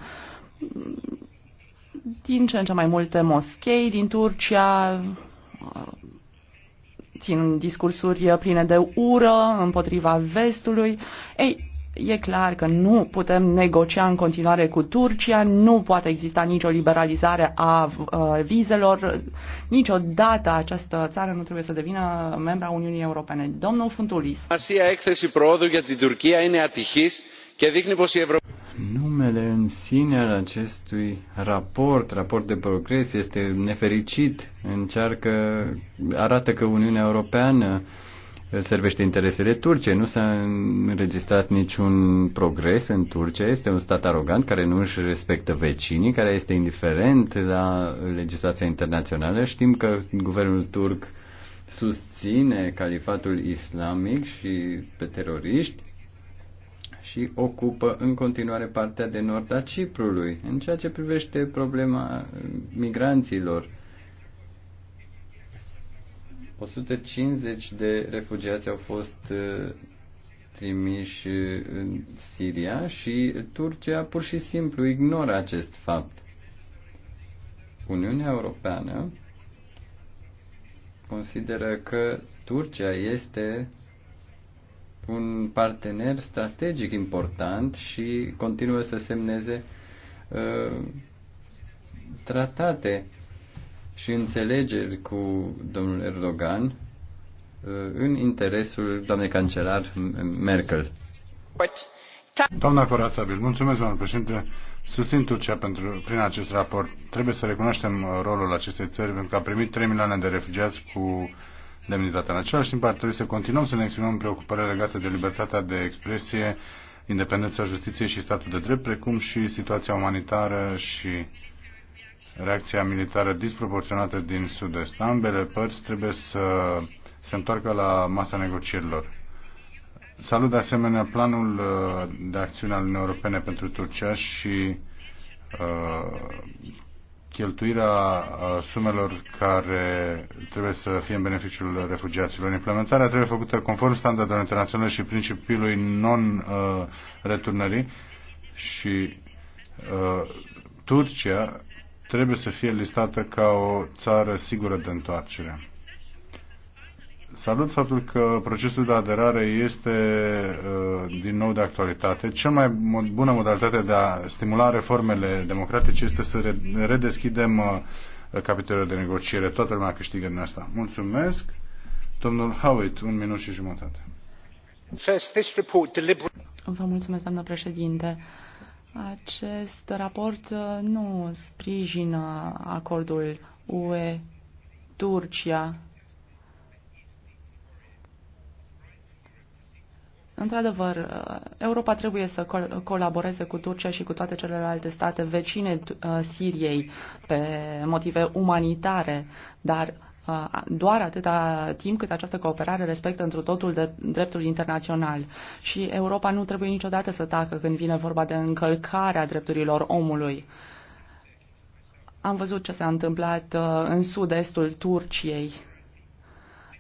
Din ce în ce mai multe moschei din Turcia țin discursuri pline de ură împotriva vestului. Ei, E clar că nu putem negocia în continuare cu Turcia, nu poate exista nicio liberalizare a uh, vizelor. Niciodată această țară nu trebuie să devină membra Uniunii Europene. Domnul Funtulis. Asia excesi προόδου για την Turcia είναι ατυχής că δείχνει πως η Numele în sine al acestui raport, raport de progres, este nefericit. Încearcă, arată că Uniunea Europeană servește interesele turce. Nu s-a înregistrat niciun progres în Turcia. Este un stat arogant care nu își respectă vecinii, care este indiferent la legislația internațională. Știm că guvernul turc susține califatul islamic și pe teroriști și ocupă în continuare partea de nord a Ciprului, în ceea ce privește problema migranților 150 de refugiați au fost uh, trimiși în Siria și Turcia pur și simplu ignoră acest fapt. Uniunea Europeană consideră că Turcia este un partener strategic important și continuă să semneze uh, tratate și înțelegeri cu domnul Erdogan uh, în interesul doamnei cancelar Merkel. Doamna Bil, mulțumesc, doamnă președinte. Susțin Turcia pentru, prin acest raport. Trebuie să recunoaștem rolul acestei țări pentru că a primit 3 milioane de refugiați cu demnitatea. În același timp ar trebui să continuăm să ne exprimăm preocupările legate de libertatea de expresie, independența justiției și statul de drept, precum și situația umanitară și reacția militară disproporționată din sud-est. Ambele părți trebuie să se întoarcă la masa negocierilor. Salut de asemenea planul uh, de acțiune al Uniunii Europene pentru Turcia și uh, cheltuirea uh, sumelor care trebuie să fie în beneficiul refugiaților. Implementarea trebuie făcută conform standardelor internaționale și principiului non-returnării uh, și uh, Turcia trebuie să fie listată ca o țară sigură de întoarcere. Salut faptul că procesul de aderare este uh, din nou de actualitate. Cel mai bună modalitate de a stimula reformele democratice este să redeschidem uh, capitolul de negociere. Toată lumea câștigă din asta. Mulțumesc. Domnul Howitt, un minut și jumătate. Vă mulțumesc, doamnă președinte. Acest raport uh, nu sprijină acordul UE-Turcia. Într-adevăr, uh, Europa trebuie să colaboreze cu Turcia și cu toate celelalte state vecine uh, Siriei pe motive umanitare, dar doar atâta timp cât această cooperare respectă întru totul de dreptul internațional. Și Europa nu trebuie niciodată să tacă când vine vorba de încălcarea drepturilor omului. Am văzut ce s-a întâmplat uh, în sud-estul Turciei.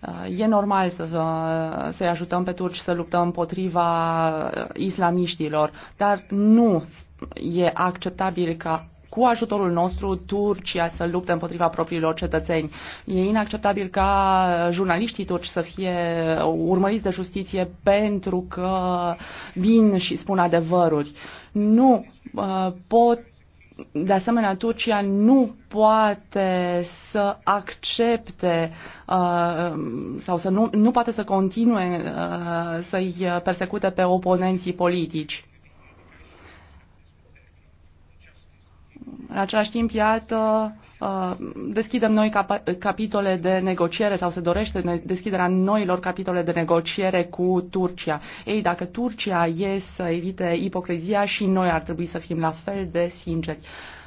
Uh, e normal să, uh, să ajutăm pe turci să luptăm împotriva islamiștilor, dar nu e acceptabil ca cu ajutorul nostru Turcia să lupte împotriva propriilor cetățeni. E inacceptabil ca jurnaliștii turci să fie urmăriți de justiție pentru că vin și spun adevăruri. Nu uh, pot de asemenea, Turcia nu poate să accepte uh, sau să nu, nu poate să continue uh, să-i persecute pe oponenții politici. În același timp, iată, uh, deschidem noi capitole de negociere sau se dorește deschiderea noilor capitole de negociere cu Turcia. Ei, dacă Turcia e să evite ipocrizia și noi ar trebui să fim la fel de sinceri.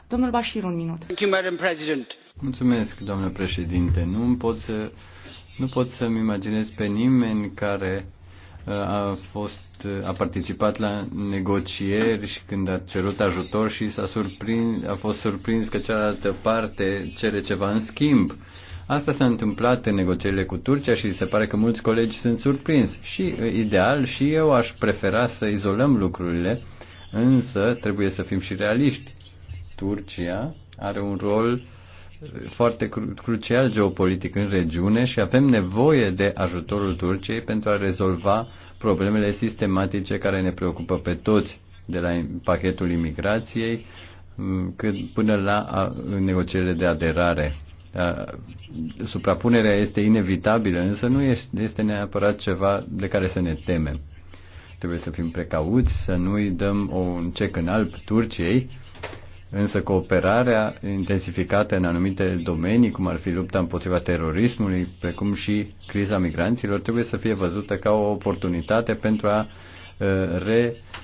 Domnul Bashir, un minut. Mulțumesc, domnule președinte. Nu pot să nu pot să-mi imaginez pe nimeni care a fost a participat la negocieri și când a cerut ajutor și s-a surprins, a fost surprins că cealaltă parte cere ceva în schimb. Asta s-a întâmplat în negocierile cu Turcia și se pare că mulți colegi sunt surprins. Și ideal și eu aș prefera să izolăm lucrurile, însă trebuie să fim și realiști. Turcia are un rol uh, foarte crucial geopolitic în regiune și avem nevoie de ajutorul Turciei pentru a rezolva problemele sistematice care ne preocupă pe toți, de la pachetul imigrației cât până la negocierile de aderare. Suprapunerea este inevitabilă, însă nu este neapărat ceva de care să ne temem. Trebuie să fim precauți, să nu-i dăm un cec în alb Turciei, Însă cooperarea intensificată în anumite domenii, cum ar fi lupta împotriva terorismului, precum și criza migranților, trebuie să fie văzută ca o oportunitate pentru a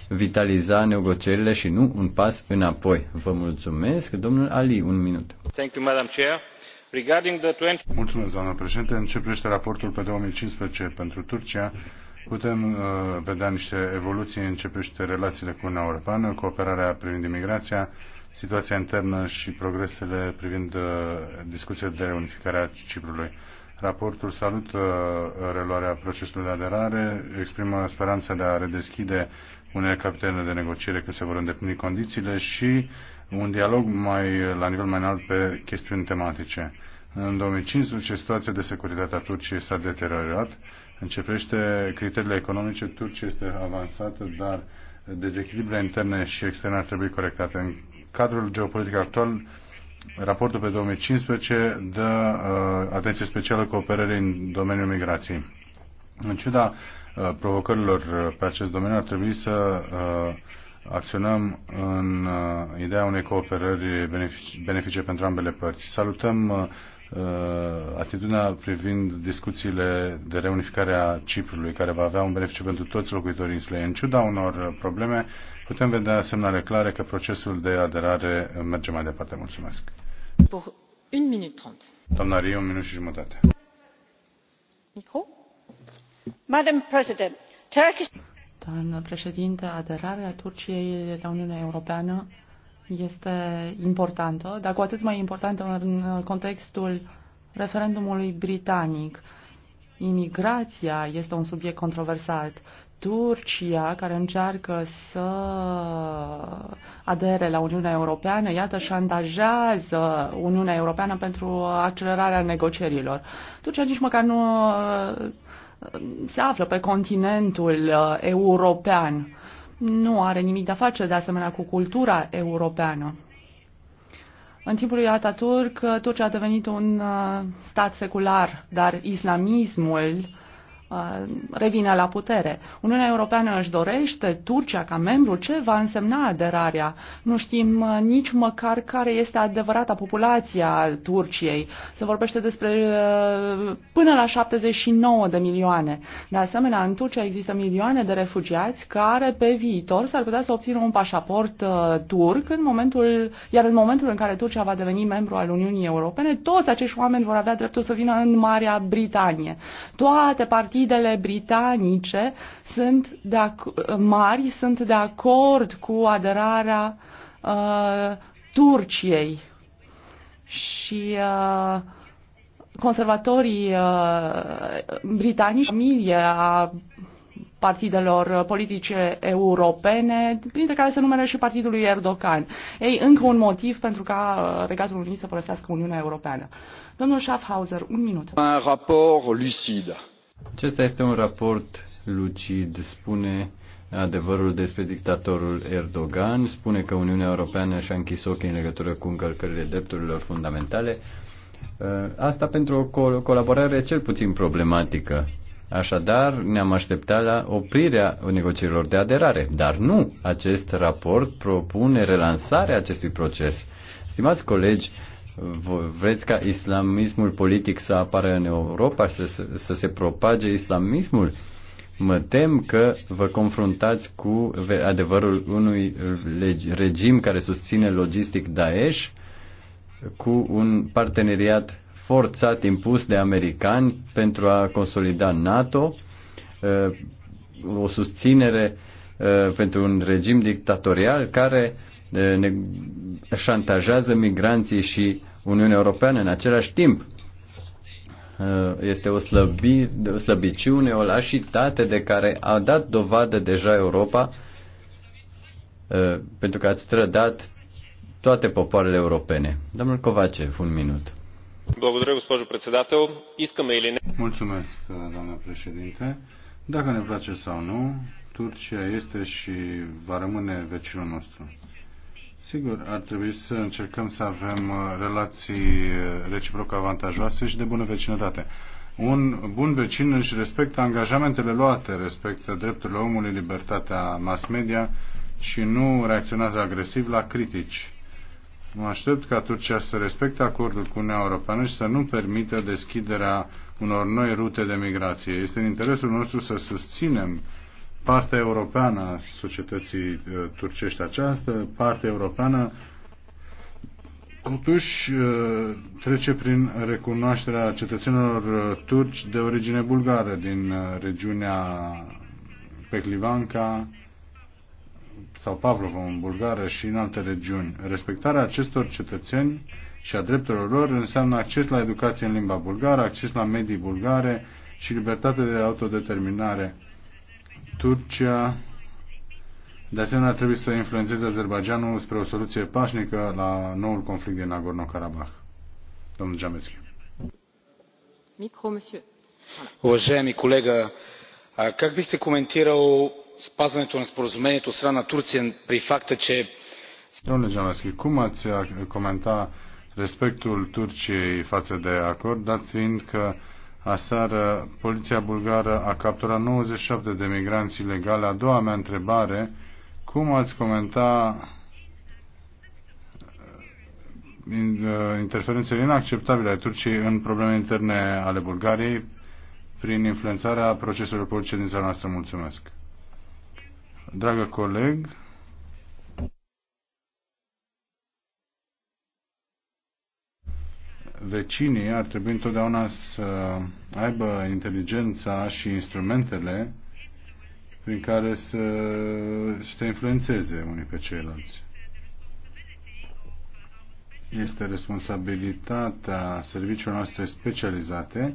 revitaliza negocierile și nu un pas înapoi. Vă mulțumesc, domnul Ali, un minut. Thank you, Madam Chair. Regarding the 20... Mulțumesc, doamnă președinte. În ce privește raportul pe 2015 pentru Turcia, putem uh, vedea niște evoluții în ce privește relațiile cu Uniunea Europeană, cooperarea privind imigrația, situația internă și progresele privind uh, discuția de reunificare a Ciprului. Raportul salută uh, reluarea procesului de aderare, exprimă speranța de a redeschide unele capitale de negociere când se vor îndeplini condițiile și un dialog mai, la nivel mai înalt pe chestiuni tematice. În 2015, situația de securitate a Turciei s-a deteriorat. Începește criteriile economice, Turcia este avansată, dar dezechilibrele interne și externe ar trebui corectate. În cadrul geopolitic actual, raportul pe 2015 dă uh, atenție specială cooperării în domeniul migrației. În ciuda uh, provocărilor pe acest domeniu, ar trebui să uh, acționăm în uh, ideea unei cooperări benefice, benefice pentru ambele părți. Salutăm uh, uh, atitudinea privind discuțiile de reunificare a Ciprului, care va avea un beneficiu pentru toți locuitorii insulei. În ciuda unor uh, probleme, putem vedea semnale clare că procesul de aderare merge mai departe. Mulțumesc. Doamna Rie, un minut și jumătate. Micro? Madam President, Turkish... președinte, aderarea Turciei la Uniunea Europeană este importantă, dar cu atât mai importantă în contextul referendumului britanic. Imigrația este un subiect controversat Turcia, care încearcă să adere la Uniunea Europeană, iată, șantajează Uniunea Europeană pentru accelerarea negocierilor. Turcia nici măcar nu uh, se află pe continentul uh, european. Nu are nimic de a face, de asemenea, cu cultura europeană. În timpul lui Ataturk, uh, Turcia a devenit un stat secular, dar islamismul uh, Uh, revine la putere. Uniunea Europeană își dorește Turcia ca membru. Ce va însemna aderarea? Nu știm uh, nici măcar care este adevărata populația Turciei. Se vorbește despre uh, până la 79 de milioane. De asemenea, în Turcia există milioane de refugiați care pe viitor s-ar putea să obțină un pașaport turc în momentul, iar în momentul în care Turcia va deveni membru al Uniunii Europene, toți acești oameni vor avea dreptul să vină în Marea Britanie. Toate partii partidele britanice sunt de mari sunt de acord cu aderarea uh, Turciei și uh, conservatorii uh, britanici, familie a partidelor politice europene, printre care se numere și partidul lui Erdogan. Ei, încă un motiv pentru ca uh, Regatul Unit să folosească Uniunea Europeană. Domnul Schaffhauser, un minut. Un raport lucid acesta este un raport lucid, spune adevărul despre dictatorul Erdogan, spune că Uniunea Europeană și-a închis ochii în legătură cu încălcările drepturilor fundamentale. Uh, asta pentru o colaborare cel puțin problematică. Așadar, ne-am așteptat la oprirea negocierilor de aderare. Dar nu, acest raport propune relansarea acestui proces. Stimați colegi, Vreți ca islamismul politic să apară în Europa, să, să se propage islamismul? Mă tem că vă confruntați cu adevărul unui regim care susține logistic Daesh, cu un parteneriat forțat impus de americani pentru a consolida NATO, uh, o susținere uh, pentru un regim dictatorial care ne șantajează migranții și Uniunea Europeană în același timp. Uh, este o, slăbi, o slăbiciune, o lașitate de care a dat dovadă deja Europa uh, pentru că ați strădat toate popoarele europene. Domnul Covacev, un minut. Mulțumesc, doamna președinte. Dacă ne place sau nu, Turcia este și va rămâne vecinul nostru. Sigur, ar trebui să încercăm să avem uh, relații uh, reciproc avantajoase și de bună vecinătate. Un bun vecin își respectă angajamentele luate, respectă drepturile omului, libertatea mass media și nu reacționează agresiv la critici. Mă aștept ca Turcia să respecte acordul cu Uniunea Europeană și să nu permită deschiderea unor noi rute de migrație. Este în interesul nostru să susținem partea europeană a societății uh, turcești, această partea europeană totuși uh, trece prin recunoașterea cetățenilor uh, turci de origine bulgară din regiunea Peclivanca sau Pavlova în Bulgară și în alte regiuni. Respectarea acestor cetățeni și a drepturilor lor înseamnă acces la educație în limba bulgară, acces la medii bulgare și libertate de autodeterminare Turcia de asemenea trebuie să influențeze Azerbaijanul spre o soluție pașnică la noul conflict din Nagorno-Karabakh. Domnul Jameschi. Micro, monsieur. Уважаеми колега, как бихте коментирал спазването на споразумението от страна Турция при факта, че... Domnule Jameschi, cum ați comenta respectul Turciei față de acord, dat fiind că Aseară, poliția bulgară a capturat 97 de migranți ilegali. A doua mea întrebare, cum ați comenta uh, uh, interferențele inacceptabile ale Turciei în probleme interne ale Bulgariei prin influențarea proceselor politice din țara noastră? Mulțumesc! Dragă coleg, vecinii ar trebui întotdeauna să aibă inteligența și instrumentele prin care să, se influențeze unii pe ceilalți. Este responsabilitatea serviciilor noastre specializate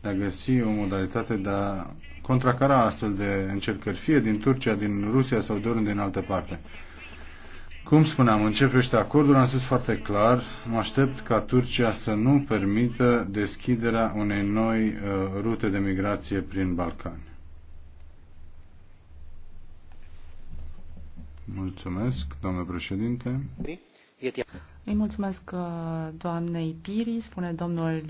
de a găsi o modalitate de a contracara astfel de încercări, fie din Turcia, din Rusia sau de oriunde din altă parte. Cum spuneam, în ce acordul, am spus foarte clar, mă aștept ca Turcia să nu permită deschiderea unei noi uh, rute de migrație prin Balcani. Mulțumesc, domnule președinte. Îi mulțumesc uh, doamnei Piri, spune domnul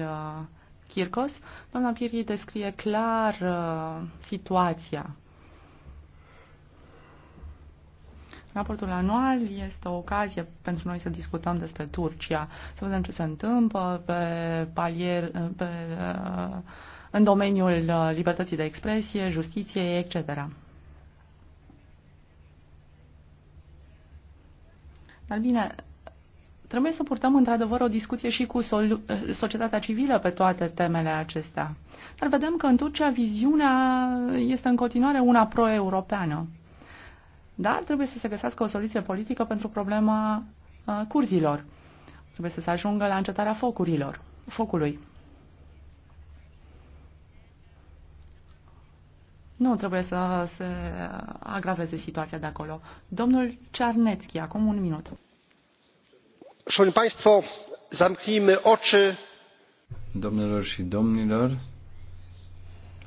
Kirkos. Uh, Doamna Piri descrie clar uh, situația Raportul anual este o ocazie pentru noi să discutăm despre Turcia, să vedem ce se întâmplă pe palier, pe, în domeniul uh, libertății de expresie, justiției, etc. Dar bine, trebuie să purtăm într-adevăr o discuție și cu uh, societatea civilă pe toate temele acestea. Dar vedem că în Turcia viziunea este în continuare una pro-europeană. Dar trebuie să se găsească o soluție politică pentru problema uh, curzilor. Trebuie să se ajungă la încetarea focurilor, focului. Nu trebuie să se agraveze situația de acolo. Domnul Czarnecki, acum un minut. Szanowni Państwo, zamknijmy oczy. Domnilor și domnilor,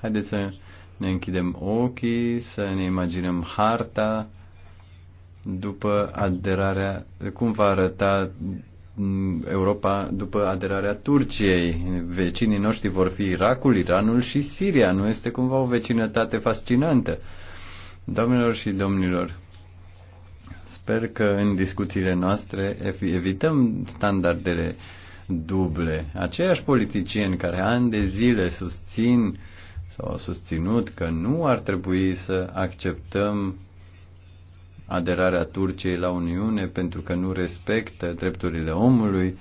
haideți să ne închidem ochii, să ne imaginăm harta după aderarea, cum va arăta mm, Europa după aderarea Turciei. Vecinii noștri vor fi Irakul, Iranul și Siria. Nu este cumva o vecinătate fascinantă. domnilor și domnilor, sper că în discuțiile noastre evităm standardele duble. Aceiași politicieni care ani de zile susțin sau au susținut că nu ar trebui să acceptăm aderarea Turciei la Uniune pentru că nu respectă drepturile omului.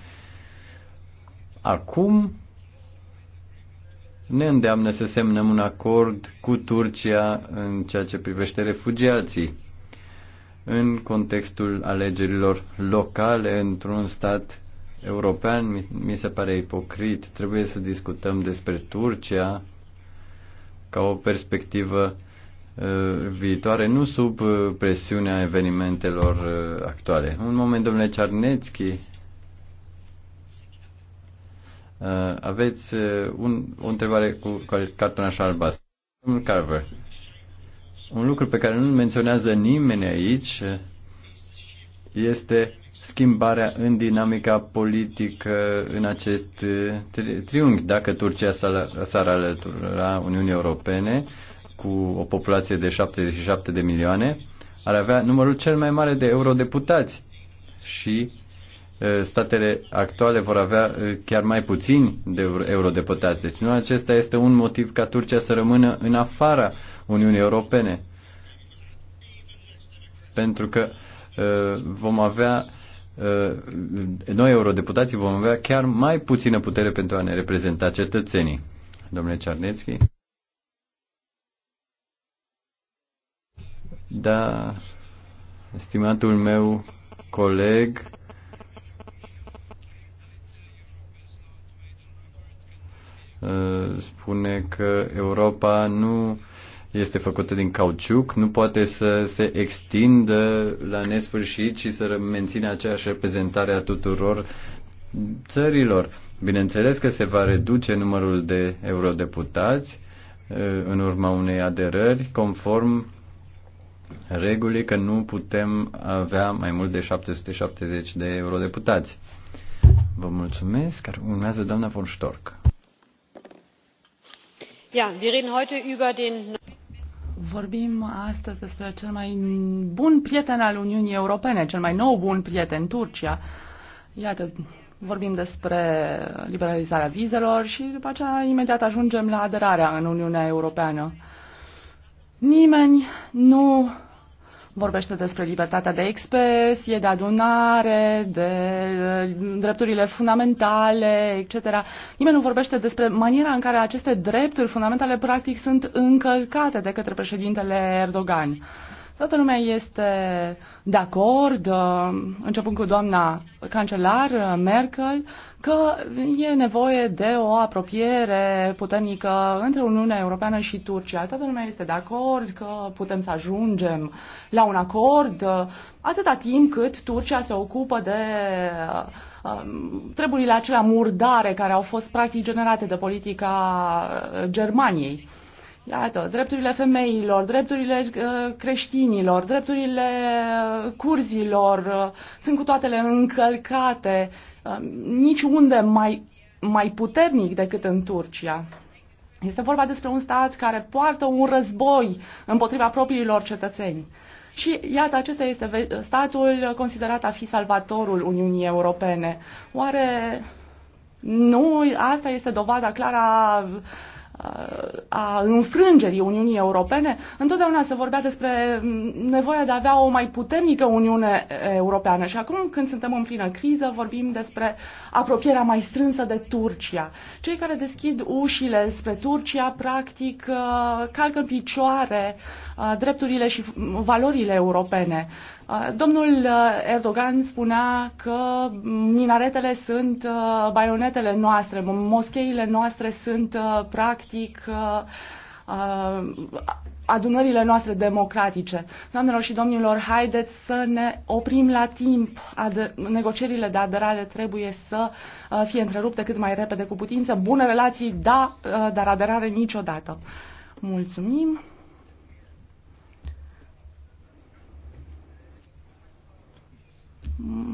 Acum ne îndeamnă să semnăm un acord cu Turcia în ceea ce privește refugiații în contextul alegerilor locale într-un stat european mi se pare ipocrit. Trebuie să discutăm despre Turcia ca o perspectivă Uh, viitoare, nu sub uh, presiunea evenimentelor uh, actuale. Un moment, domnule Cernețchi, aveți un, o întrebare cu cartonaș albastru. Domnul Carver, un lucru pe care nu-l menționează nimeni aici este schimbarea în dinamica politică în acest triunghi. Dacă Turcia s-ar alătura Uniunii Europene, cu o populație de 77 de milioane, ar avea numărul cel mai mare de eurodeputați și statele actuale vor avea chiar mai puțini de eurodeputați. Deci nu acesta este un motiv ca Turcia să rămână în afara Uniunii Europene. Pentru că vom avea noi eurodeputații vom avea chiar mai puțină putere pentru a ne reprezenta cetățenii. Domnule Cernețchi. Da, estimatul meu coleg, uh, spune că Europa nu este făcută din cauciuc, nu poate să se extindă la nesfârșit și să mențină aceeași reprezentare a tuturor țărilor. Bineînțeles că se va reduce numărul de eurodeputați uh, în urma unei aderări conform reguli că nu putem avea mai mult de 770 de eurodeputați. Vă mulțumesc. Urmează doamna von Stork. Ja, wir reden heute über den Vorbim astăzi despre cel mai bun prieten al Uniunii Europene, cel mai nou bun prieten, Turcia. Iată, vorbim despre liberalizarea vizelor și după aceea imediat ajungem la aderarea în Uniunea Europeană. Nimeni nu vorbește despre libertatea de expresie, de adunare, de uh, drepturile fundamentale, etc. Nimeni nu vorbește despre maniera în care aceste drepturi fundamentale practic sunt încălcate de către președintele Erdogan. Uh, Toată lumea este de acord, uh, începând cu doamna cancelar uh, Merkel, că e nevoie de o apropiere puternică între Uniunea Europeană și Turcia. Toată lumea este de acord că putem să ajungem la un acord uh, atâta timp cât Turcia se ocupă de um, treburile acelea murdare care au fost practic generate de politica Germaniei. Iată, drepturile femeilor, drepturile uh, creștinilor, drepturile uh, curzilor uh, sunt cu toatele încălcate, niciunde mai, mai puternic decât în Turcia. Este vorba despre un stat care poartă un război împotriva propriilor cetățeni. Și iată, acesta este statul considerat a fi salvatorul Uniunii Europene. Oare nu asta este dovada clară a a înfrângerii Uniunii Europene, întotdeauna se vorbea despre nevoia de a avea o mai puternică Uniune Europeană. Și acum, când suntem în plină criză, vorbim despre apropierea mai strânsă de Turcia. Cei care deschid ușile spre Turcia, practic, uh, calcă în picioare uh, drepturile și valorile europene. Uh, domnul uh, Erdogan spunea că minaretele sunt uh, baionetele noastre, moscheile noastre sunt practic adunările noastre democratice. Doamnelor și domnilor, haideți să ne oprim la timp. Ad- negocierile de aderare trebuie să fie întrerupte cât mai repede cu putință. Bune relații, da, dar aderare niciodată. Mulțumim.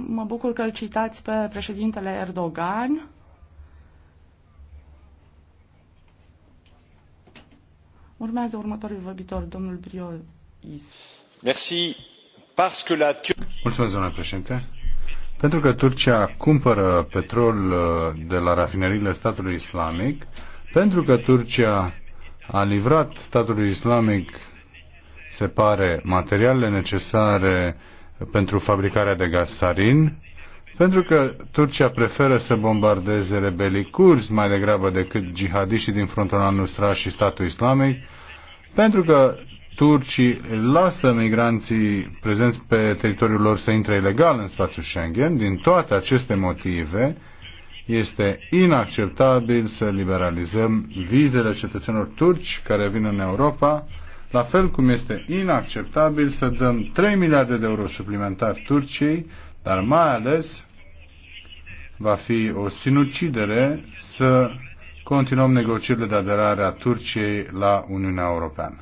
Mă bucur că îl citați pe președintele Erdogan. Urmează următorul vorbitor, domnul Briol Is. Merci. Parce que la... Mulțumesc, domnule președinte. Pentru că Turcia cumpără petrol uh, de la rafinerile statului islamic, pentru că Turcia a livrat statului islamic, se pare, materialele necesare pentru fabricarea de gaz sarin, pentru că Turcia preferă să bombardeze rebelii curzi mai degrabă decât jihadiștii din frontul al-Nusra și statul islamic, pentru că turcii lasă migranții prezenți pe teritoriul lor să intre ilegal în spațiul Schengen. Din toate aceste motive, este inacceptabil să liberalizăm vizele cetățenilor turci care vin în Europa la fel cum este inacceptabil să dăm 3 miliarde de euro suplimentari Turciei, dar mai ales va fi o sinucidere să continuăm negocierile de aderare a Turciei la Uniunea Europeană.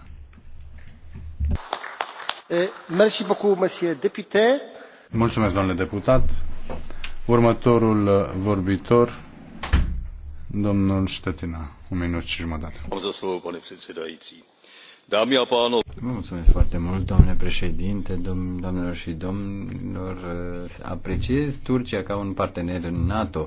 Mulțumesc, domnule deputat. Următorul vorbitor, domnul Ștetina, un minut și jumătate. Am Mulțumesc foarte mult, domnule președinte, dom- doamnelor și domnilor. Apreciez Turcia ca un partener în NATO.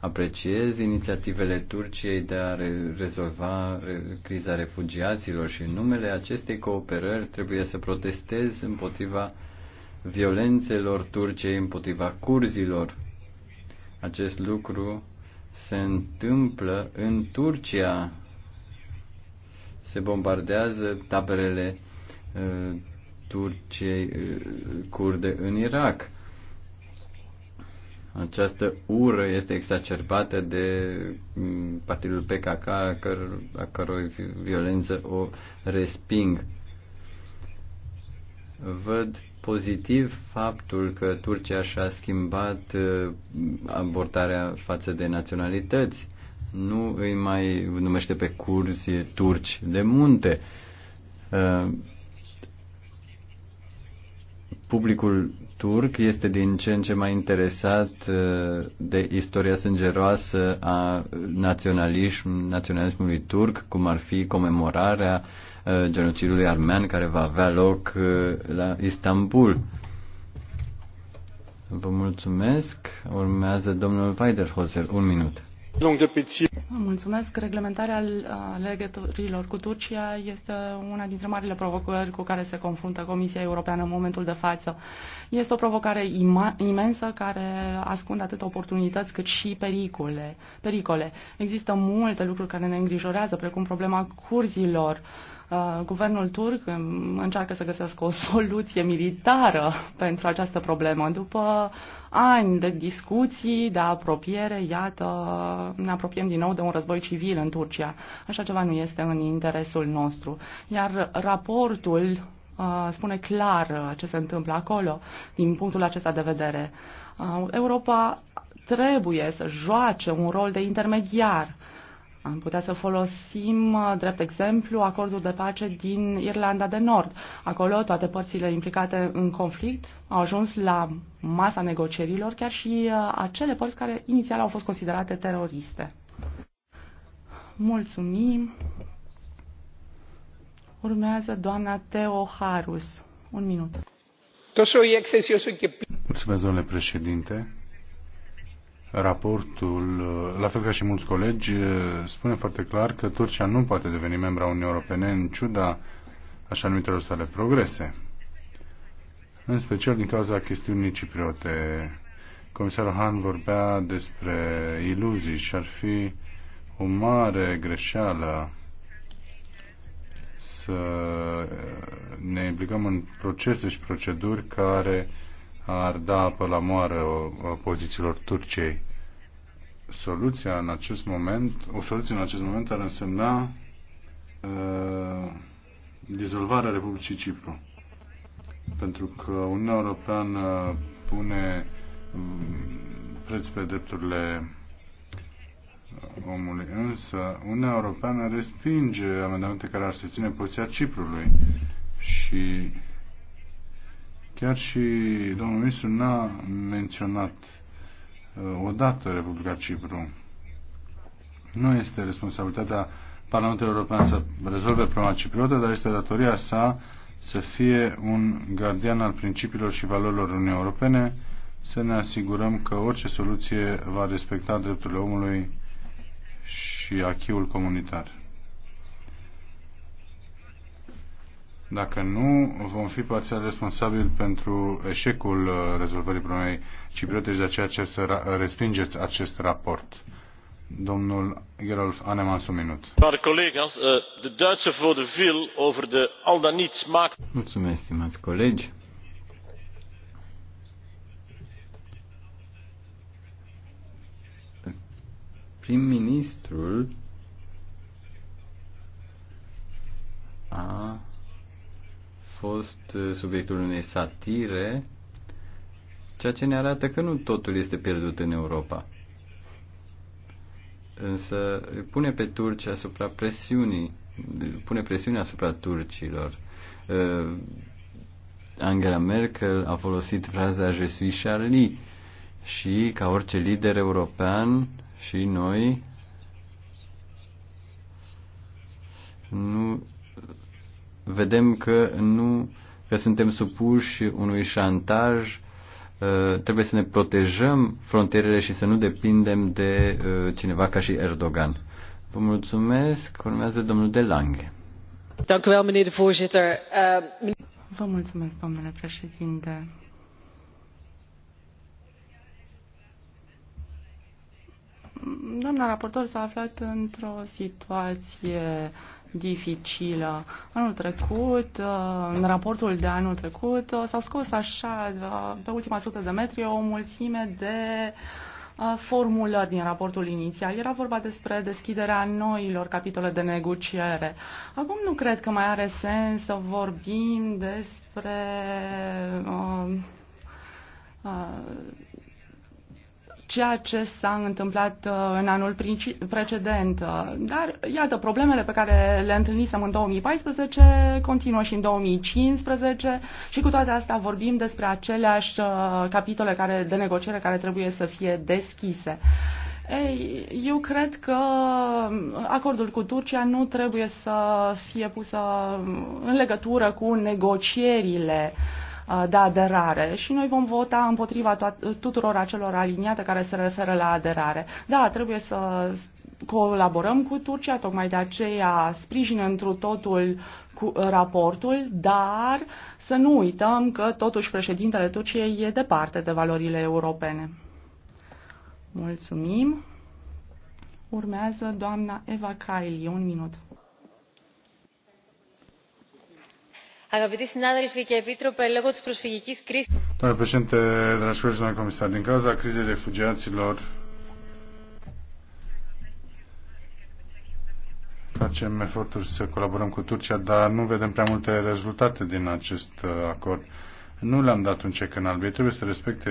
Apreciez inițiativele Turciei de a re- rezolva criza refugiaților și în numele acestei cooperări trebuie să protestez împotriva violențelor Turciei, împotriva curzilor. Acest lucru se întâmplă în Turcia, se bombardează taberele uh, turcei uh, curde în Irak. Această ură este exacerbată de mm, partidul PKK, a, căr- a cărui violență o resping. Văd pozitiv faptul că Turcia și-a schimbat uh, abordarea față de naționalități nu îi mai numește pe curzi turci de munte. Uh, publicul turc este din ce în ce mai interesat uh, de istoria sângeroasă a naționalism, naționalismului turc, cum ar fi comemorarea uh, genocidului armean care va avea loc la Istanbul. Vă mulțumesc. Urmează domnul Weiderhoser. Un minut. Mulțumesc. Reglementarea legăturilor cu Turcia este una dintre marile provocări cu care se confruntă Comisia Europeană în momentul de față. Este o provocare imensă care ascunde atât oportunități cât și pericole. pericole. Există multe lucruri care ne îngrijorează, precum problema curzilor, uh, Uh, guvernul turc încearcă să găsească o soluție militară pentru această problemă. După ani de discuții, de apropiere, iată, ne apropiem din nou de un război civil în Turcia. Așa ceva nu este în interesul nostru. Iar raportul uh, spune clar uh, ce se întâmplă acolo din punctul acesta de vedere. Europa trebuie să joace un rol de intermediar am putea să folosim uh, drept exemplu acordul de pace din Irlanda de Nord. Acolo toate părțile implicate în conflict au ajuns la masa negocierilor, chiar și uh, acele părți care inițial au fost considerate teroriste. Mulțumim. Urmează doamna Teo Harus. Un minut. Mulțumesc, domnule președinte Raportul, la fel ca și mulți colegi, spune foarte clar că Turcia nu poate deveni membra Uniunii Europene în ciuda așa numitelor sale progrese. În special din cauza chestiunii cipriote. Comisarul Han vorbea despre iluzii și ar fi o mare greșeală să ne implicăm în procese și proceduri care ar da apă la moară pozițiilor Turciei. Soluția în acest moment, o soluție în acest moment ar însemna uh, dizolvarea Republicii Cipru. Pentru că Uniunea Europeană pune preț pe drepturile omului. Însă, Uniunea Europeană respinge amendamente care ar ține poziția Ciprului și Chiar și domnul ministru n-a menționat uh, odată Republica Cipru. Nu este responsabilitatea Parlamentului European să rezolve problema cipriotă, dar este datoria sa să fie un gardian al principiilor și valorilor Uniunii Europene, să ne asigurăm că orice soluție va respecta drepturile omului și achiul comunitar. Dacă nu, vom fi parțial responsabili pentru eșecul uh, rezolvării problemei cipriote și de aceea cer să respingeți acest raport. Domnul Gerolf Anemans, un minut. Uh, Mulțumesc, stimați colegi. Prim-ministrul a fost uh, subiectul unei satire, ceea ce ne arată că nu totul este pierdut în Europa. Însă pune pe turci asupra presiunii, pune presiunea asupra turcilor. Uh, Angela Merkel a folosit fraza Je suis Charlie și ca orice lider european și noi nu vedem că nu că suntem supuși unui șantaj, uh, trebuie să ne protejăm frontierele și să nu depindem de uh, cineva ca și Erdogan. Vă mulțumesc. Urmează domnul De Lange. Uh, Vă mulțumesc, domnule președinte. Doamna raportor s-a aflat într-o situație uh, dificilă. Anul trecut, uh, în raportul de anul trecut, uh, s-au scos așa, uh, pe ultima sută de metri, o mulțime de formulări din raportul inițial. Era vorba despre deschiderea noilor capitole de negociere. Acum nu cred că mai are sens să vorbim despre uh, uh, ceea ce s-a întâmplat uh, în anul precedent. Uh, dar, iată, problemele pe care le întâlnisem în 2014 continuă și în 2015 și cu toate astea vorbim despre aceleași uh, capitole care, de negociere care trebuie să fie deschise. Ei, eu cred că acordul cu Turcia nu trebuie să fie pusă în legătură cu negocierile uh, Uh, de aderare și noi vom vota împotriva uh, tuturor acelor aliniate care se referă la aderare. Da, trebuie să colaborăm cu Turcia, tocmai de aceea sprijină întru totul cu uh, raportul, dar să nu uităm că totuși președintele Turciei e departe de valorile europene. Mulțumim. Urmează doamna Eva Kaili, un minut. Domnule președinte, dragi colegi, doamnă comisar, din cauza crizei refugiaților facem eforturi să colaborăm cu Turcia, dar nu vedem prea multe rezultate din acest uh, acord. Nu le-am dat un cec în alb. Ei trebuie să respecte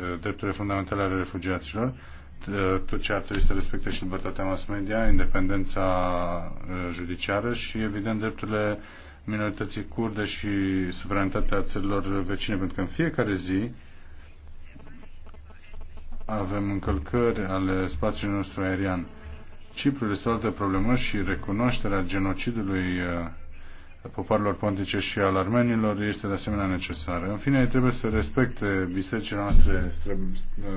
uh, drepturile fundamentale ale refugiaților. Uh, Turcia ar trebui să respecte și libertatea mass media, independența judiciară și, evident, drepturile minorității kurde și suveranitatea țărilor vecine, pentru că în fiecare zi avem încălcări ale spațiului nostru aerian. Cipru este o altă problemă și recunoașterea genocidului uh, poporilor pontice și al armenilor este de asemenea necesară. În fine, trebuie să respecte bisericile noastre uh,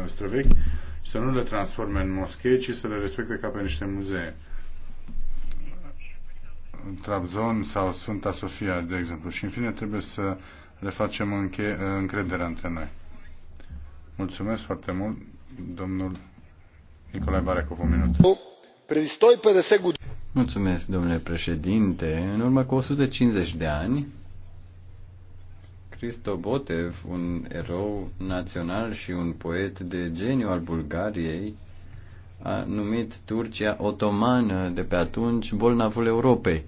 străvechi și să nu le transforme în moschei, ci să le respecte ca pe niște muzee. Trabzon sau Sfânta Sofia, de exemplu. Și în fine trebuie să refacem înche- încrederea între noi. Mulțumesc foarte mult, domnul Nicolae Barecov, un minut. Mulțumesc, domnule președinte. În urmă cu 150 de ani, Cristo Botev, un erou național și un poet de geniu al Bulgariei, a numit Turcia otomană de pe atunci bolnavul Europei.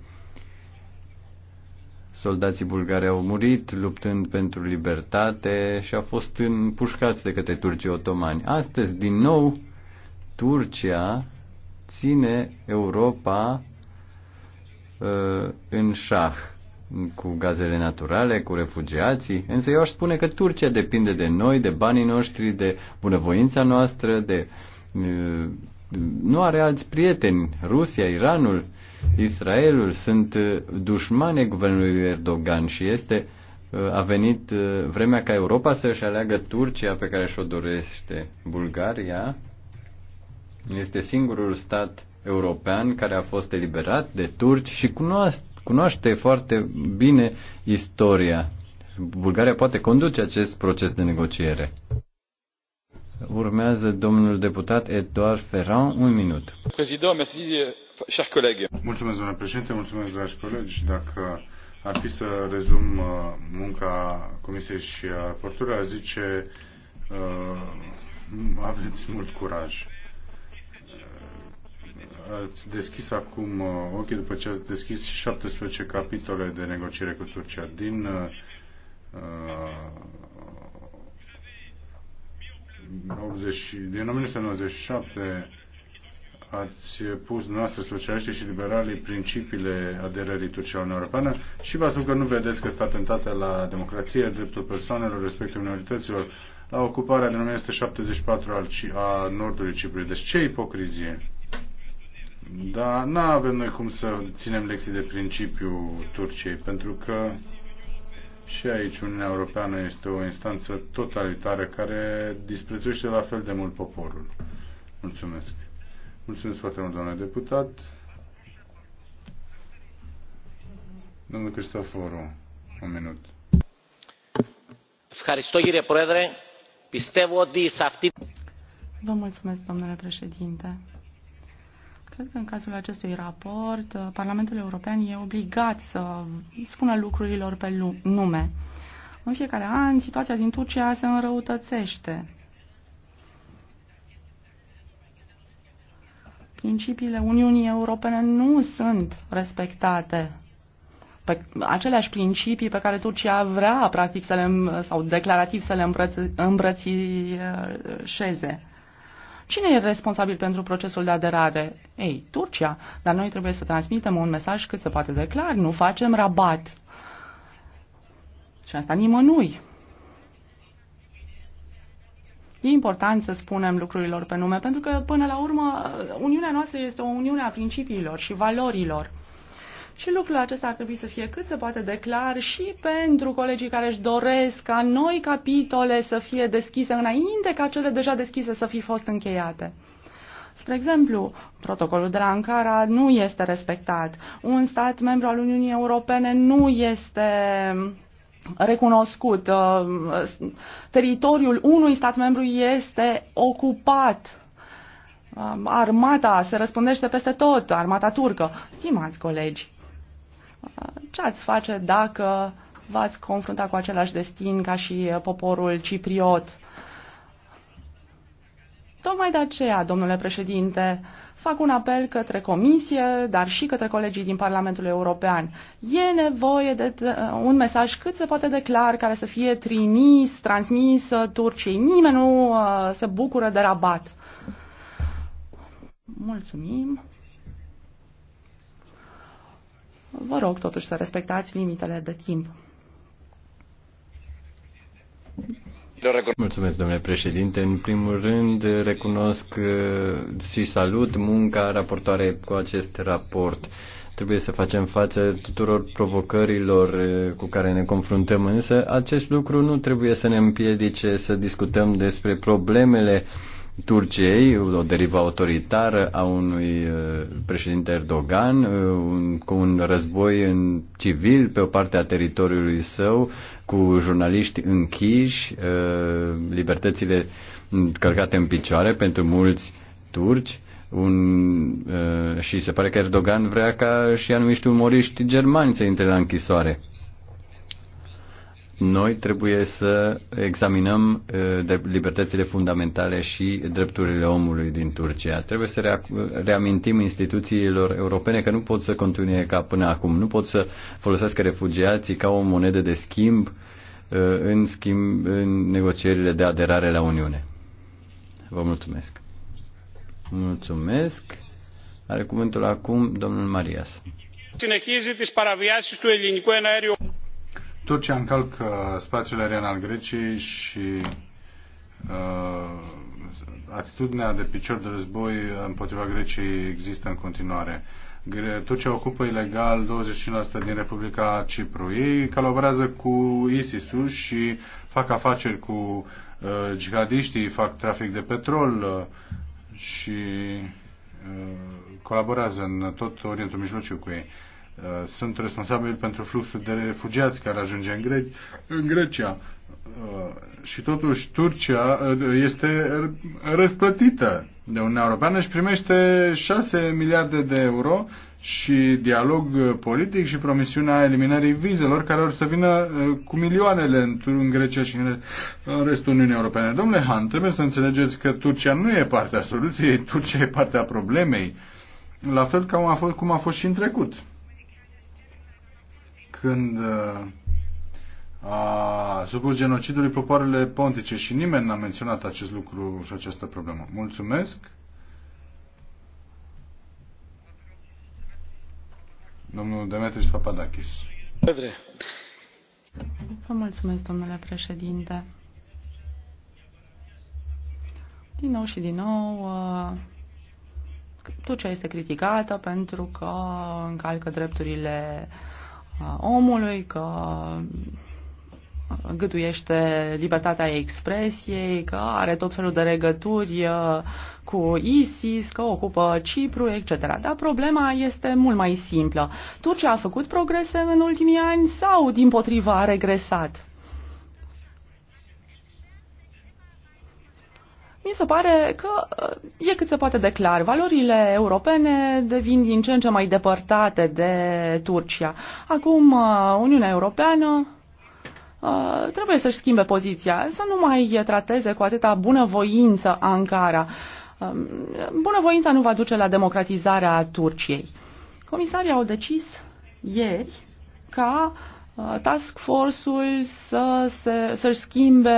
Soldații bulgari au murit luptând pentru libertate și au fost împușcați de către turcii otomani. Astăzi, din nou, Turcia ține Europa uh, în șah cu gazele naturale, cu refugiații, însă eu aș spune că Turcia depinde de noi, de banii noștri, de bunăvoința noastră, de uh, nu are alți prieteni. Rusia, Iranul, Israelul sunt uh, dușmane guvernului Erdogan și este uh, a venit uh, vremea ca Europa să-și aleagă Turcia pe care și-o dorește. Bulgaria este singurul stat european care a fost eliberat de turci și cunoaște, cunoaște foarte bine istoria. Bulgaria poate conduce acest proces de negociere. Urmează domnul deputat Edouard Ferrand, un minut. Mulțumesc, domnule președinte, mulțumesc, dragi colegi. Dacă ar fi să rezum uh, munca Comisiei și a raportului, a zice uh, aveți mult curaj. Uh, ați deschis acum uh, ochii după ce ați deschis 17 capitole de negociere cu Turcia. Din uh, 80, din 1997 ați pus noastre socialiști și liberalii principiile aderării Turciei la Uniunea Europeană și v-ați spus că nu vedeți că sunt atentate la democrație, dreptul persoanelor, respectul minorităților, la ocuparea din 1974 al, a nordului Ciprului. Deci ce ipocrizie! Dar nu avem noi cum să ținem lecții de principiu Turciei, pentru că și aici Uniunea Europeană este o instanță totalitară care disprețuiește la fel de mult poporul. Mulțumesc. Mulțumesc foarte mult, domnule deputat. Domnul Cristoforu, un minut. Vă mulțumesc, domnule președinte. Cred că în cazul acestui raport, uh, Parlamentul European e obligat să spună lucrurilor pe nume. În fiecare an, situația din Turcia se înrăutățește. Principiile Uniunii Europene nu sunt respectate. Pe aceleași principii pe care Turcia vrea, practic, să le, sau declarativ să le îmbrăți, îmbrățișeze. Cine e responsabil pentru procesul de aderare? Ei, Turcia. Dar noi trebuie să transmitem un mesaj cât se poate de clar. Nu facem rabat. Și asta nimănui. E important să spunem lucrurilor pe nume, pentru că, până la urmă, Uniunea noastră este o Uniune a principiilor și valorilor. Și lucrul acesta ar trebui să fie cât se poate de clar și pentru colegii care își doresc ca noi capitole să fie deschise înainte ca cele deja deschise să fi fost încheiate. Spre exemplu, protocolul de la Ankara nu este respectat. Un stat membru al Uniunii Europene nu este recunoscut. Uh, teritoriul unui stat membru este ocupat. Uh, armata se răspundește peste tot, armata turcă. Stimați colegi, ce ați face dacă v-ați confrunta cu același destin ca și poporul cipriot? Tocmai de aceea, domnule președinte, fac un apel către Comisie, dar și către colegii din Parlamentul European. E nevoie de uh, un mesaj cât se poate de clar care să fie trimis, transmis uh, Turciei. Nimeni nu uh, se bucură de rabat. Mulțumim. Vă rog totuși să respectați limitele de timp. Mulțumesc, domnule președinte. În primul rând, recunosc uh, și salut munca raportoare cu acest raport. Trebuie să facem față tuturor provocărilor uh, cu care ne confruntăm, însă acest lucru nu trebuie să ne împiedice să discutăm despre problemele Turciei, o derivă autoritară a unui uh, președinte Erdogan, uh, un, cu un război în civil pe o parte a teritoriului său, cu jurnaliști închiși, uh, libertățile călcate în picioare pentru mulți turci. Un, și se pare că Erdogan vrea ca și anumiști umoriști germani să intre la închisoare noi trebuie să examinăm libertățile fundamentale și drepturile omului din Turcia. Trebuie să reamintim instituțiilor europene că nu pot să continue ca până acum, nu pot să folosească refugiații ca o monedă de schimb în, schimb, în negocierile de aderare la Uniune. Vă mulțumesc. Mulțumesc. Are cuvântul acum domnul Marias. Συνεχίζει τις παραβιάσεις του ελληνικού εναέριου. Turcia încalcă spațiul aerian al Greciei și uh, atitudinea de picior de război împotriva Greciei există în continuare. Turcia ocupă ilegal 25% din Republica Cipru. Ei colaborează cu isis și fac afaceri cu uh, jihadiștii, fac trafic de petrol uh, și uh, colaborează în tot Orientul Mijlociu cu ei. Uh, Uh, sunt responsabil pentru fluxul de refugiați care ajunge în, Gre- în Grecia. Uh, și totuși Turcia uh, este răsplătită de Uniunea Europeană și primește 6 miliarde de euro și dialog politic și promisiunea eliminării vizelor care or să vină cu milioanele în Grecia și în restul Uniunii Europene. Domnule Han, trebuie să înțelegeți că Turcia nu e partea soluției, Turcia e partea problemei, la fel ca a fost, cum a fost și în trecut când uh, a supus genocidului popoarele pontice și nimeni n-a menționat acest lucru și această problemă. Mulțumesc! Domnul Demetris Papadakis. Vă mulțumesc, domnule președinte. Din nou și din nou, uh, Turcia este criticată pentru că încalcă drepturile uh, Uh, omului, că găduiește libertatea expresiei, că are tot felul de regături uh, cu ISIS, că ocupă Cipru, etc. Dar problema este mult mai simplă. Turcia a făcut progrese în ultimii ani sau, din potriva, a regresat? mi se pare că uh, e cât se poate de clar. Valorile europene devin din ce în ce mai depărtate de Turcia. Acum uh, Uniunea Europeană uh, trebuie să-și schimbe poziția, să nu mai trateze cu atâta bunăvoință Ankara. Um, bunăvoința nu va duce la democratizarea Turciei. Comisarii au decis ieri ca uh, Uh, task force-ul să, se, să schimbe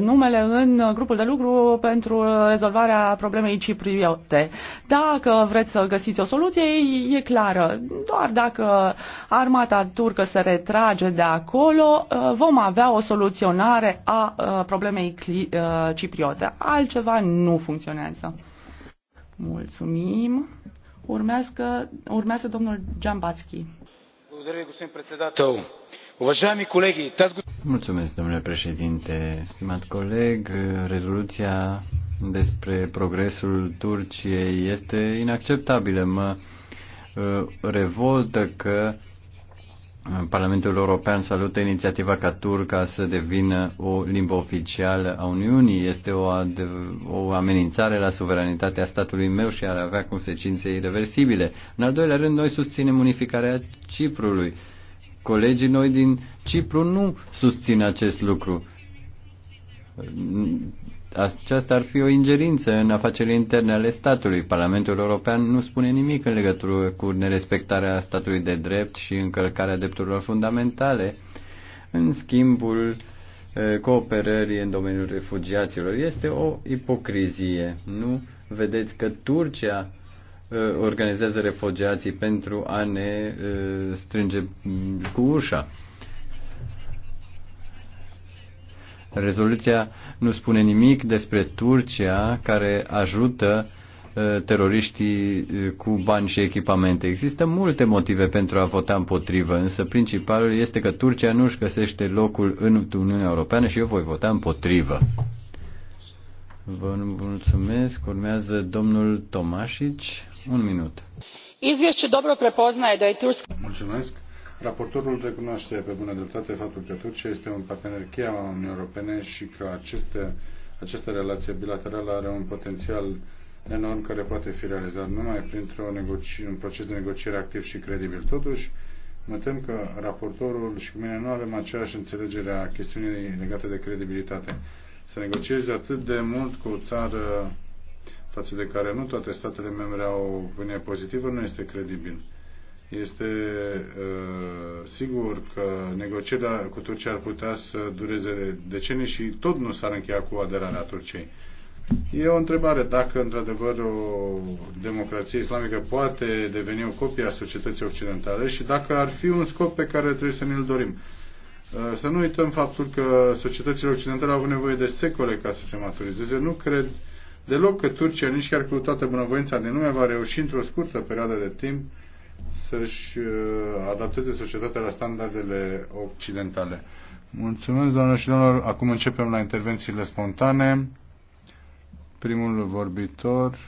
numele în grupul de lucru pentru rezolvarea problemei cipriote. Dacă vreți să găsiți o soluție, e clară. Doar dacă armata turcă se retrage de acolo, uh, vom avea o soluționare a uh, problemei cipriote. Altceva nu funcționează. Mulțumim. Urmează, urmează domnul Giambatski. Mulțumesc, domnule președinte. Stimat coleg, rezoluția despre progresul Turciei este inacceptabilă. Mă uh, revoltă că Parlamentul European salută inițiativa ca turca să devină o limbă oficială a Uniunii. Este o, o amenințare la suveranitatea statului meu și ar avea consecințe irreversibile. În al doilea rând, noi susținem unificarea Ciprului. Colegii noi din Cipru nu susțin acest lucru aceasta ar fi o ingerință în afacerile interne ale statului. Parlamentul European nu spune nimic în legătură cu nerespectarea statului de drept și încălcarea drepturilor fundamentale în schimbul cooperării în domeniul refugiaților. Este o ipocrizie. Nu vedeți că Turcia organizează refugiații pentru a ne strânge cu ușa. Rezoluția nu spune nimic despre Turcia care ajută uh, teroriștii uh, cu bani și echipamente. Există multe motive pentru a vota împotrivă, însă principalul este că Turcia nu își găsește locul în Uniunea Europeană și eu voi vota împotrivă. Vă mulțumesc. Urmează domnul Tomașici. Un minut. Izvješće dobro prepoznaje da je Turska... Mulțumesc Raportorul recunoaște pe bună dreptate faptul că Turcia este un partener cheia a Uniunii Europene și că aceste, această relație bilaterală are un potențial enorm care poate fi realizat numai printr-un un proces de negociere activ și credibil. Totuși, mă tem că raportorul și cu mine nu avem aceeași înțelegere a chestiunii legate de credibilitate. Să negociezi atât de mult cu o țară față de care nu toate statele membre au opinie pozitivă, nu este credibil este uh, sigur că negocierea cu Turcia ar putea să dureze decenii și tot nu s-ar încheia cu aderarea Turciei. E o întrebare dacă într-adevăr o democrație islamică poate deveni o copie a societății occidentale și dacă ar fi un scop pe care trebuie să ne-l dorim. Uh, să nu uităm faptul că societățile occidentale au avut nevoie de secole ca să se maturizeze. Nu cred deloc că Turcia, nici chiar cu toată bunăvoința din lume, va reuși într-o scurtă perioadă de timp să-și uh, adapteze societatea la standardele occidentale. Mulțumesc, doamnelor și domnilor. Acum începem la intervențiile spontane. Primul vorbitor.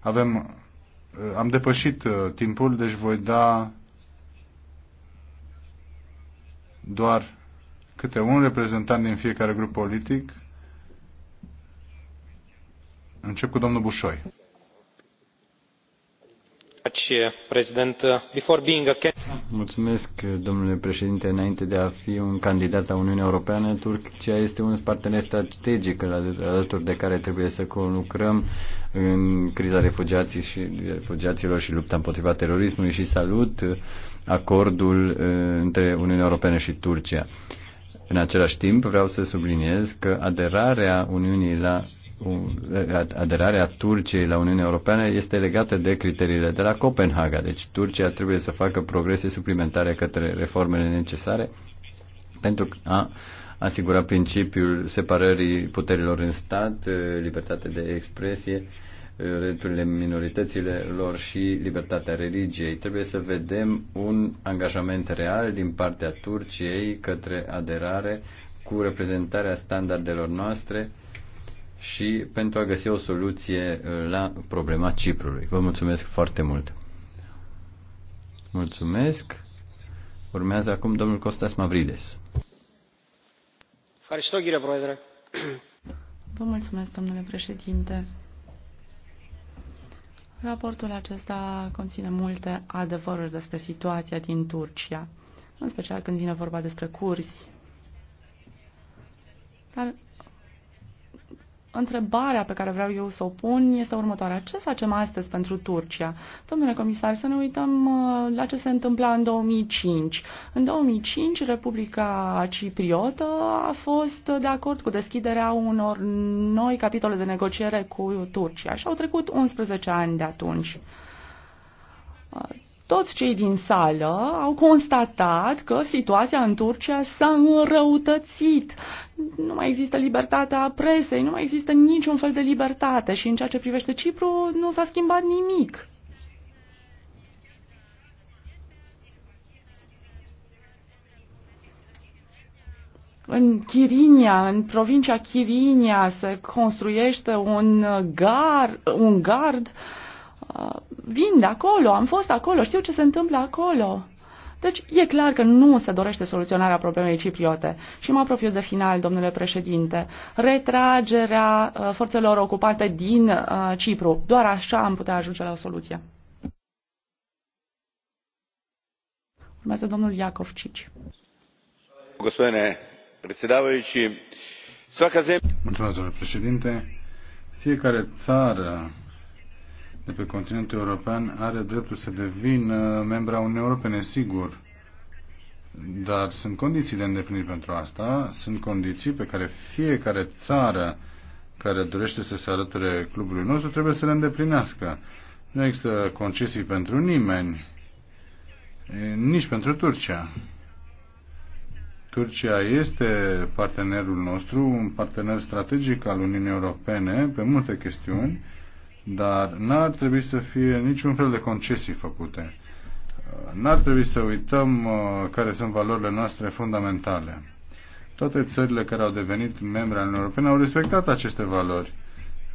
Avem, uh, am depășit uh, timpul, deci voi da doar câte un reprezentant din fiecare grup politic. Încep cu domnul Bușoi. Deci, Mulțumesc, domnule președinte. Înainte de a fi un candidat la Uniunea Europeană, Turcia este un partener strategic alături de care trebuie să conlucrăm în criza refugiații și, refugiaților și lupta împotriva terorismului și salut acordul între Uniunea Europeană și Turcia. În același timp, vreau să subliniez că aderarea Uniunii la aderarea Turciei la Uniunea Europeană este legată de criteriile de la Copenhaga. Deci Turcia trebuie să facă progrese suplimentare către reformele necesare pentru a asigura principiul separării puterilor în stat, eh, libertate de expresie, eh, drepturile minorităților și libertatea religiei. Trebuie să vedem un angajament real din partea Turciei către aderare cu reprezentarea standardelor noastre și pentru a găsi o soluție uh, la problema Ciprului. Vă mulțumesc foarte mult. Mulțumesc. Urmează acum domnul Costas Mavrides. Vă mulțumesc, domnule președinte. Raportul acesta conține multe adevăruri despre situația din Turcia, în special când vine vorba despre curzi. Dar întrebarea pe care vreau eu să o pun este următoarea. Ce facem astăzi pentru Turcia? Domnule comisar, să ne uităm uh, la ce se întâmpla în 2005. În 2005, Republica Cipriotă a fost de acord cu deschiderea unor noi capitole de negociere cu Turcia și au trecut 11 ani de atunci. Uh, toți cei din sală au constatat că situația în Turcia s-a înrăutățit. Nu mai există libertatea presei, nu mai există niciun fel de libertate și în ceea ce privește Cipru nu s-a schimbat nimic. în Chirinia, în provincia Chirinia, se construiește un, gar, un gard uh, Uh, vin de acolo, am fost acolo, știu ce se întâmplă acolo. Deci e clar că nu se dorește soluționarea problemei cipriote. Și mă apropiu de final, domnule președinte. Retragerea uh, forțelor ocupate din uh, Cipru. Doar așa am putea ajunge la o soluție. Urmează domnul Iacov Cici. Mulțumesc, domnule președinte. Fiecare țară de pe continentul european are dreptul să devină membra Uniunii Europene, sigur. Dar sunt condiții de îndeplinit pentru asta, sunt condiții pe care fiecare țară care dorește să se alăture clubului nostru trebuie să le îndeplinească. Nu există concesii pentru nimeni, nici pentru Turcia. Turcia este partenerul nostru, un partener strategic al Uniunii Europene pe multe chestiuni. Mm dar n-ar trebui să fie niciun fel de concesii făcute. N-ar trebui să uităm uh, care sunt valorile noastre fundamentale. Toate țările care au devenit membre ale Uniunii Europene au respectat aceste valori.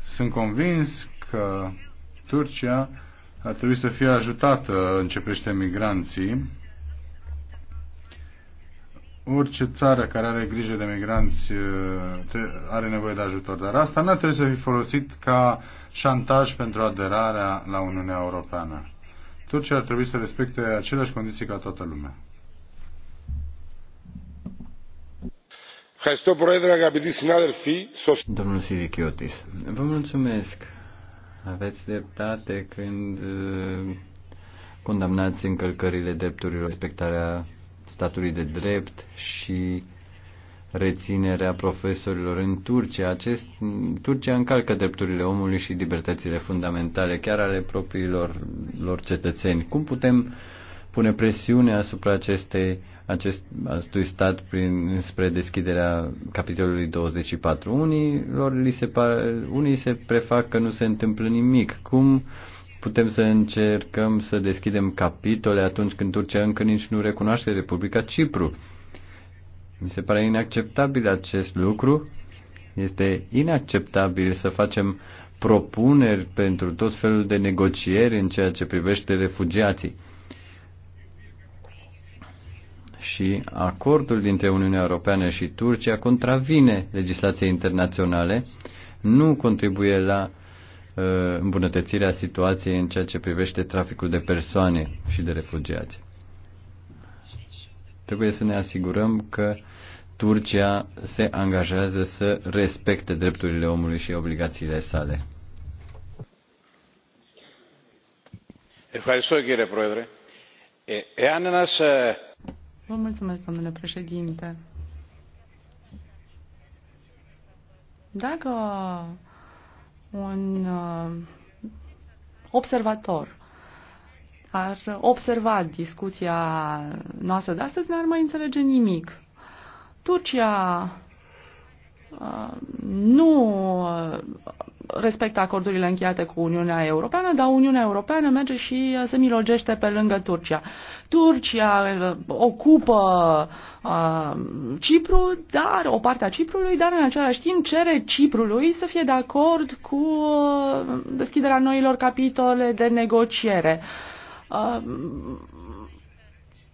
Sunt convins că Turcia ar trebui să fie ajutată în ce privește migranții orice țară care are grijă de migranți uh, are nevoie de ajutor, dar asta nu ar trebui să fie folosit ca șantaj pentru aderarea la Uniunea Europeană. Turcia ar trebui să respecte aceleași condiții ca toată lumea. Domnul Sirichiotis, vă mulțumesc. Aveți dreptate când uh, condamnați încălcările drepturilor, respectarea statului de drept și reținerea profesorilor în Turcia. Acest, Turcia încalcă drepturile omului și libertățile fundamentale, chiar ale propriilor lor cetățeni. Cum putem pune presiune asupra acestei, acest, acestui stat prin, spre deschiderea capitolului 24? Unii, lor li se par, unii se prefac că nu se întâmplă nimic. Cum uh, putem să încercăm să deschidem capitole atunci când Turcia încă nici nu recunoaște Republica Cipru. Mi se pare inacceptabil acest lucru. Este inacceptabil să facem propuneri pentru tot felul de negocieri în ceea ce privește refugiații. Și acordul dintre Uniunea Europeană și Turcia contravine legislației internaționale, nu contribuie la uh, Uh, îmbunătățirea situației în ceea ce privește traficul de persoane și de refugiați. Trebuie să ne asigurăm că Turcia se angajează să respecte drepturile omului și obligațiile sale. Vă mulțumesc, domnule președinte. Dacă un uh, observator ar observa discuția noastră de astăzi, n-ar mai înțelege nimic. Turcia nu uh, respectă acordurile încheiate cu Uniunea Europeană, dar Uniunea Europeană merge și uh, se milogește pe lângă Turcia. Turcia uh, ocupă uh, Cipru, dar o parte a Ciprului, dar în același timp cere Ciprului să fie de acord cu deschiderea noilor capitole de negociere. Uh,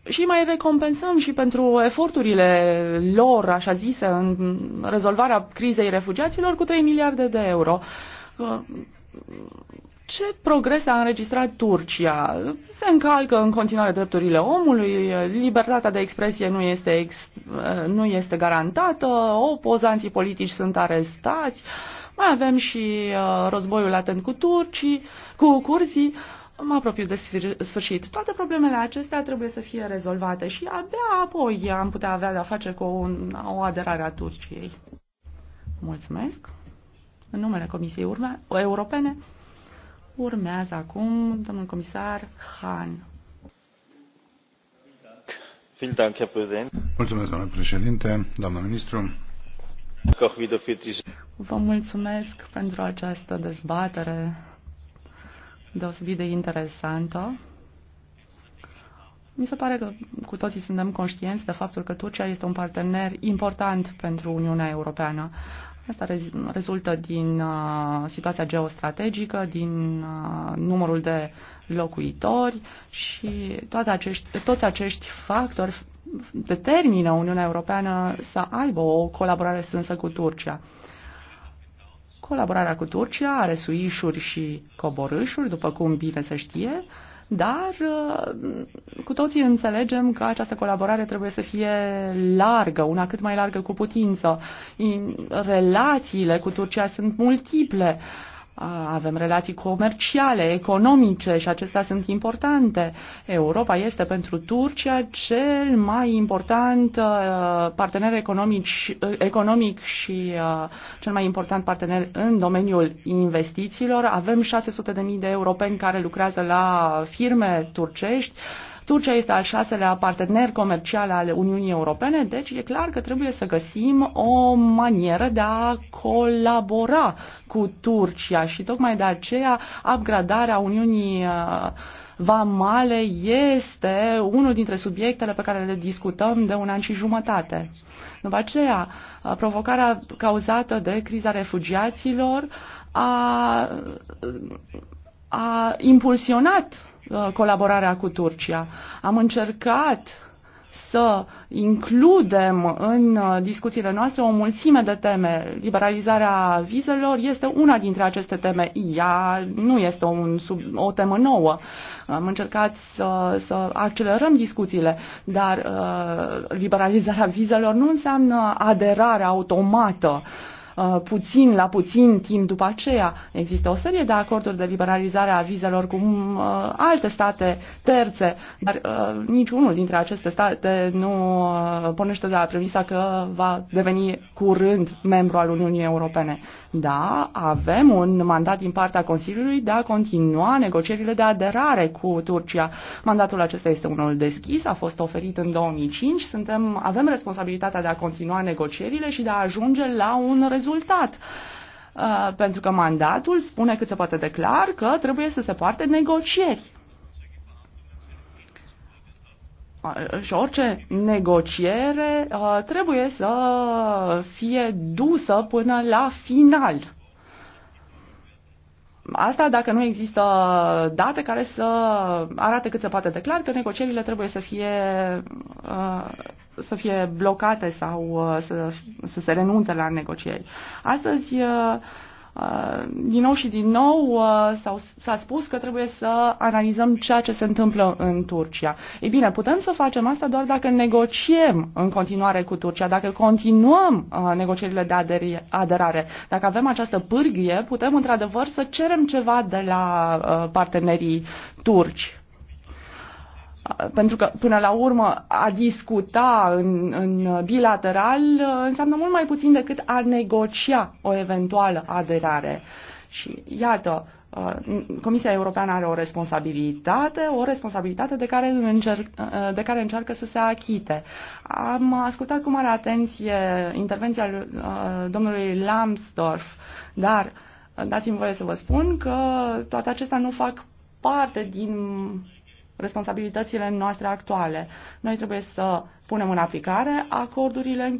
și mai recompensăm și pentru eforturile lor, așa zise, în rezolvarea crizei refugiaților cu 3 miliarde de euro. Ce progrese a înregistrat Turcia? Se încalcă în continuare drepturile omului, libertatea de expresie nu este, ex, nu este garantată, opozanții politici sunt arestați, mai avem și uh, războiul atent cu turcii, cu curzii. Uh, mă apropiu de sfârșit. Toate problemele acestea trebuie să fie rezolvate și abia apoi am putea avea de-a face cu un, o aderare a Turciei. Mulțumesc. În numele Comisiei Urme- Europene urmează acum domnul comisar Han. Mulțumesc, doamnă președinte, doamnă ministru. Vă mulțumesc pentru această dezbatere deosebit de interesantă. Mi se pare că cu toții suntem conștienți de faptul că Turcia este un partener important pentru Uniunea Europeană. Asta rezultă din uh, situația geostrategică, din uh, numărul de locuitori și toate acești, toți acești factori determină Uniunea Europeană să aibă o colaborare strânsă cu Turcia. Colaborarea cu Turcia are suișuri și coborâșuri, după cum bine se știe, dar uh, cu toții înțelegem că această colaborare trebuie să fie largă, una cât mai largă cu putință. Relațiile cu Turcia sunt multiple avem relații comerciale, economice și acestea sunt importante. Europa este pentru Turcia cel mai important partener economic, economic și cel mai important partener în domeniul investițiilor. Avem 600.000 de europeni care lucrează la firme turcești Turcia este al șaselea partener comercial al Uniunii Europene, deci e clar că trebuie să găsim o manieră de a colabora cu Turcia și tocmai de aceea upgradarea Uniunii uh, Vamale este unul dintre subiectele pe care le discutăm de un an și jumătate. După aceea, uh, provocarea cauzată de criza refugiaților a, uh, a impulsionat Uh, colaborarea cu Turcia. Am încercat să includem în uh, discuțiile noastre o mulțime de teme. Liberalizarea vizelor este una dintre aceste teme. Ea nu este un sub, o temă nouă. Am încercat să, să accelerăm discuțiile, dar uh, liberalizarea vizelor nu înseamnă aderare automată uh, Uh, puțin la puțin timp după aceea. Există o serie de acorduri de liberalizare a vizelor cu mm, uh, alte state terțe, dar uh, niciunul dintre aceste state nu pornește de la premisa că va deveni curând membru al Uniunii Europene. Da, avem un mandat din partea Consiliului de a continua negocierile de aderare cu Turcia. Mandatul acesta este unul deschis, a fost oferit în 2005, suntem, avem responsabilitatea de a continua negocierile și de a ajunge la un rezultat uh, pentru că mandatul spune cât se poate declar că trebuie să se poarte negocieri și deci, uh, orice negociere uh, trebuie să fie dusă până la final. Asta dacă nu există date care să arate cât se poate de clar că negocierile trebuie să fie, uh, să fie blocate sau să, să se renunțe la negocieri. Astăzi Uh, din nou și din nou uh, s-a spus că trebuie să analizăm ceea ce se întâmplă în Turcia. Ei bine, putem să facem asta doar dacă negociem în continuare cu Turcia, dacă continuăm uh, negocierile de aderare. Dacă avem această pârghie, putem într-adevăr să cerem ceva de la partenerii turci pentru că, până la urmă, a discuta în, în bilateral uh, înseamnă mult mai puțin decât a negocia o eventuală aderare. Și, iată, uh, Comisia Europeană are o responsabilitate, o responsabilitate de care, încerc, uh, de care încearcă să se achite. Am ascultat cu mare atenție intervenția domnului Lambsdorff, dar dați-mi voie să vă spun că toate acestea nu fac parte din responsabilitățile noastre actuale. Noi trebuie să punem în aplicare acordurile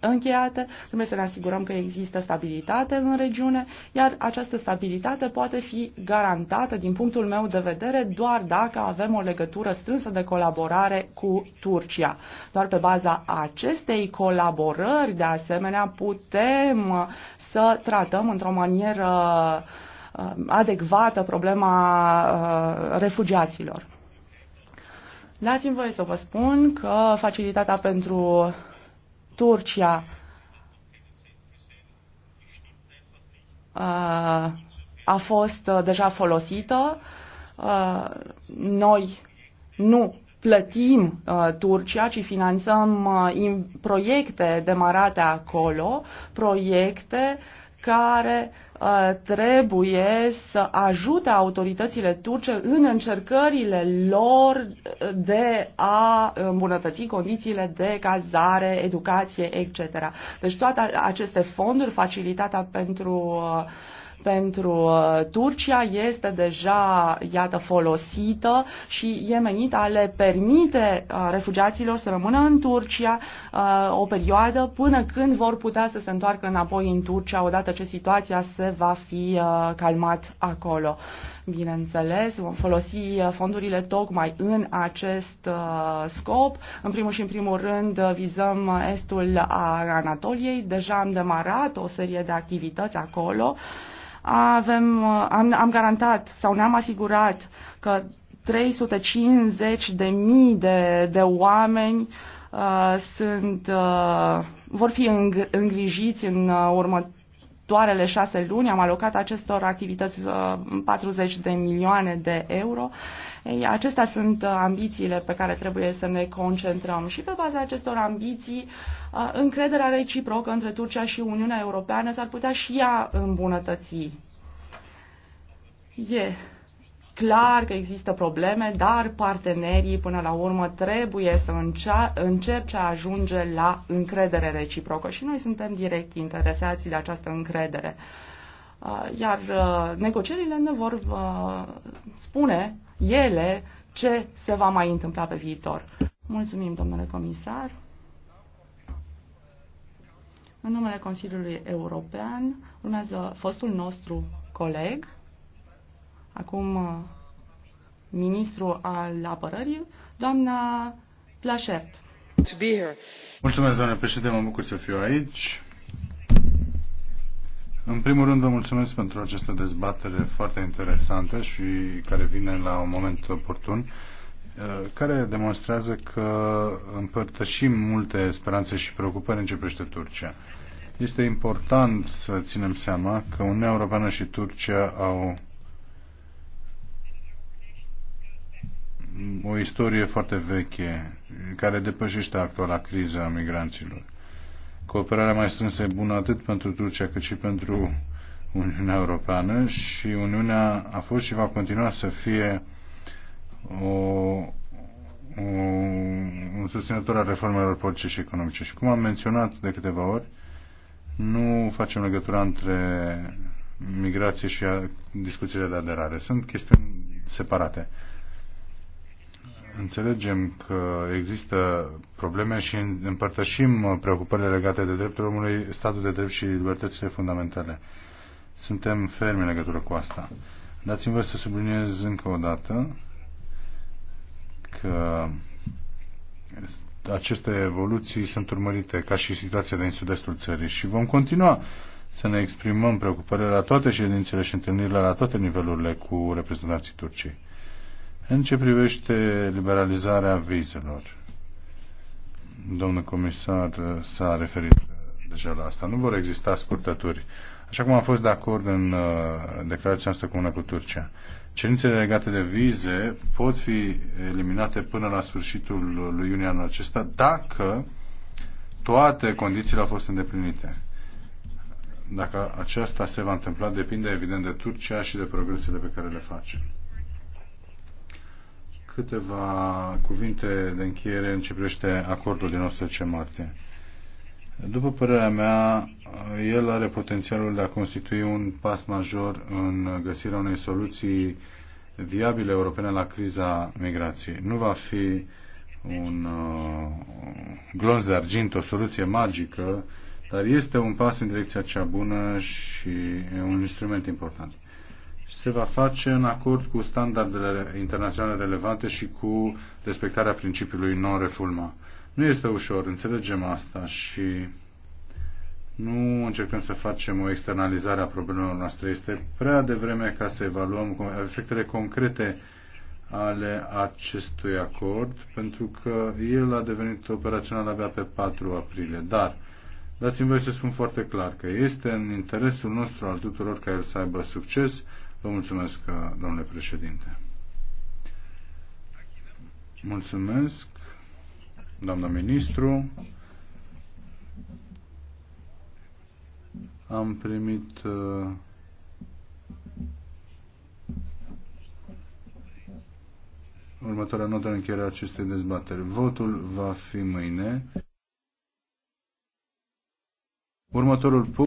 încheiate, trebuie să ne asigurăm că există stabilitate în regiune, iar această stabilitate poate fi garantată, din punctul meu de vedere, doar dacă avem o legătură strânsă de colaborare cu Turcia. Doar pe baza acestei colaborări, de asemenea, putem să tratăm într-o manieră uh, adecvată problema uh, refugiaților. Dați-mi voie să vă spun că facilitatea pentru Turcia uh, a fost uh, deja folosită. Uh, noi nu plătim Turcia, ci finanțăm proiecte demarate acolo, proiecte care uh, trebuie să ajute autoritățile turce în încercările lor uh, de a îmbunătăți condițiile de cazare, educație, etc. Deci toate aceste fonduri, facilitatea pentru uh, pentru uh, Turcia este deja, iată, folosită și e menită a le permite uh, refugiaților să rămână în Turcia uh, o perioadă până când vor putea să se întoarcă înapoi în Turcia odată ce situația se va fi calmat acolo. Bineînțeles, vom folosi fondurile tocmai în acest scop. În primul și în primul rând vizăm estul a Anatoliei. Deja am demarat o serie de activități acolo avem, uh, am, am garantat sau ne-am asigurat că 350 de mii de, de oameni uh, sunt, uh, vor fi îngrijiți în uh, următoarele șase luni. Am alocat acestor activități uh, 40 de milioane de euro ei, acestea sunt uh, ambițiile pe care trebuie să ne concentrăm și pe baza acestor ambiții, uh, încrederea reciprocă între Turcia și Uniunea Europeană s-ar putea și ea îmbunătăți. E clar că există probleme, dar partenerii până la urmă trebuie să încerce a ajunge la încredere reciprocă și noi suntem direct interesați de această încredere. Uh, iar negocierile ne vor spune ele ce se va mai întâmpla pe viitor. Mulțumim, domnule comisar. În numele Consiliului European urmează fostul nostru coleg, acum uh, ministru al apărării, doamna Plașert. Mulțumesc, doamnă președinte, mă bucur să fiu aici. În primul rând vă mulțumesc pentru această dezbatere foarte interesantă și care vine la un moment oportun, uh, care demonstrează că împărtășim multe speranțe și preocupări în ce privește Turcia. Este important să ținem seama că Uniunea Europeană și Turcia au o istorie foarte veche care depășește actuala criză a migranților cooperarea mai strânsă e bună atât pentru Turcia cât și pentru Uniunea Europeană și Uniunea a fost și va continua să fie o, o, un susținător al reformelor politice și economice. Și cum am menționat de câteva ori, nu facem legătura între migrație și discuțiile de aderare. Sunt chestiuni separate. Înțelegem că există probleme și împărtășim uh, preocupările legate de dreptul omului, statul de drept și libertățile fundamentale. Suntem fermi în legătură cu asta. Dați-mi să subliniez încă o dată că aceste evoluții sunt urmărite ca și situația din sud-estul țării și vom continua să ne exprimăm preocupările la toate ședințele și întâlnirile la toate nivelurile cu reprezentanții Turciei. În ce privește liberalizarea vizelor, domnul comisar s-a referit deja la asta. Nu vor exista scurtături, așa cum am fost de acord în uh, declarația noastră comună cu Turcia. Cerințele legate de vize pot fi eliminate până la sfârșitul lui iunie anul acesta dacă toate condițiile au fost îndeplinite. Dacă aceasta se va întâmpla, depinde evident de Turcia și de progresele pe care le facem câteva cuvinte de încheiere în ce privește acordul din 11 martie. După părerea mea, el are potențialul de a constitui un pas major în găsirea unei soluții viabile europene la criza migrației. Nu va fi un uh, glonț de argint, o soluție magică, dar este un pas în direcția cea bună și un instrument important se va face în acord cu standardele internaționale relevante și cu respectarea principiului non-refulma. Nu este ușor, înțelegem asta și nu încercăm să facem o externalizare a problemelor noastre. Este prea devreme ca să evaluăm efectele concrete ale acestui acord, pentru că el a devenit operațional abia pe 4 aprilie. Dar dați-mi voi să spun foarte clar că este în interesul nostru al tuturor ca el să aibă succes Vă mulțumesc, domnule președinte. Mulțumesc, doamna ministru. Am primit uh, următoarea notă în încheiere acestei dezbateri. Votul va fi mâine. Următorul punct.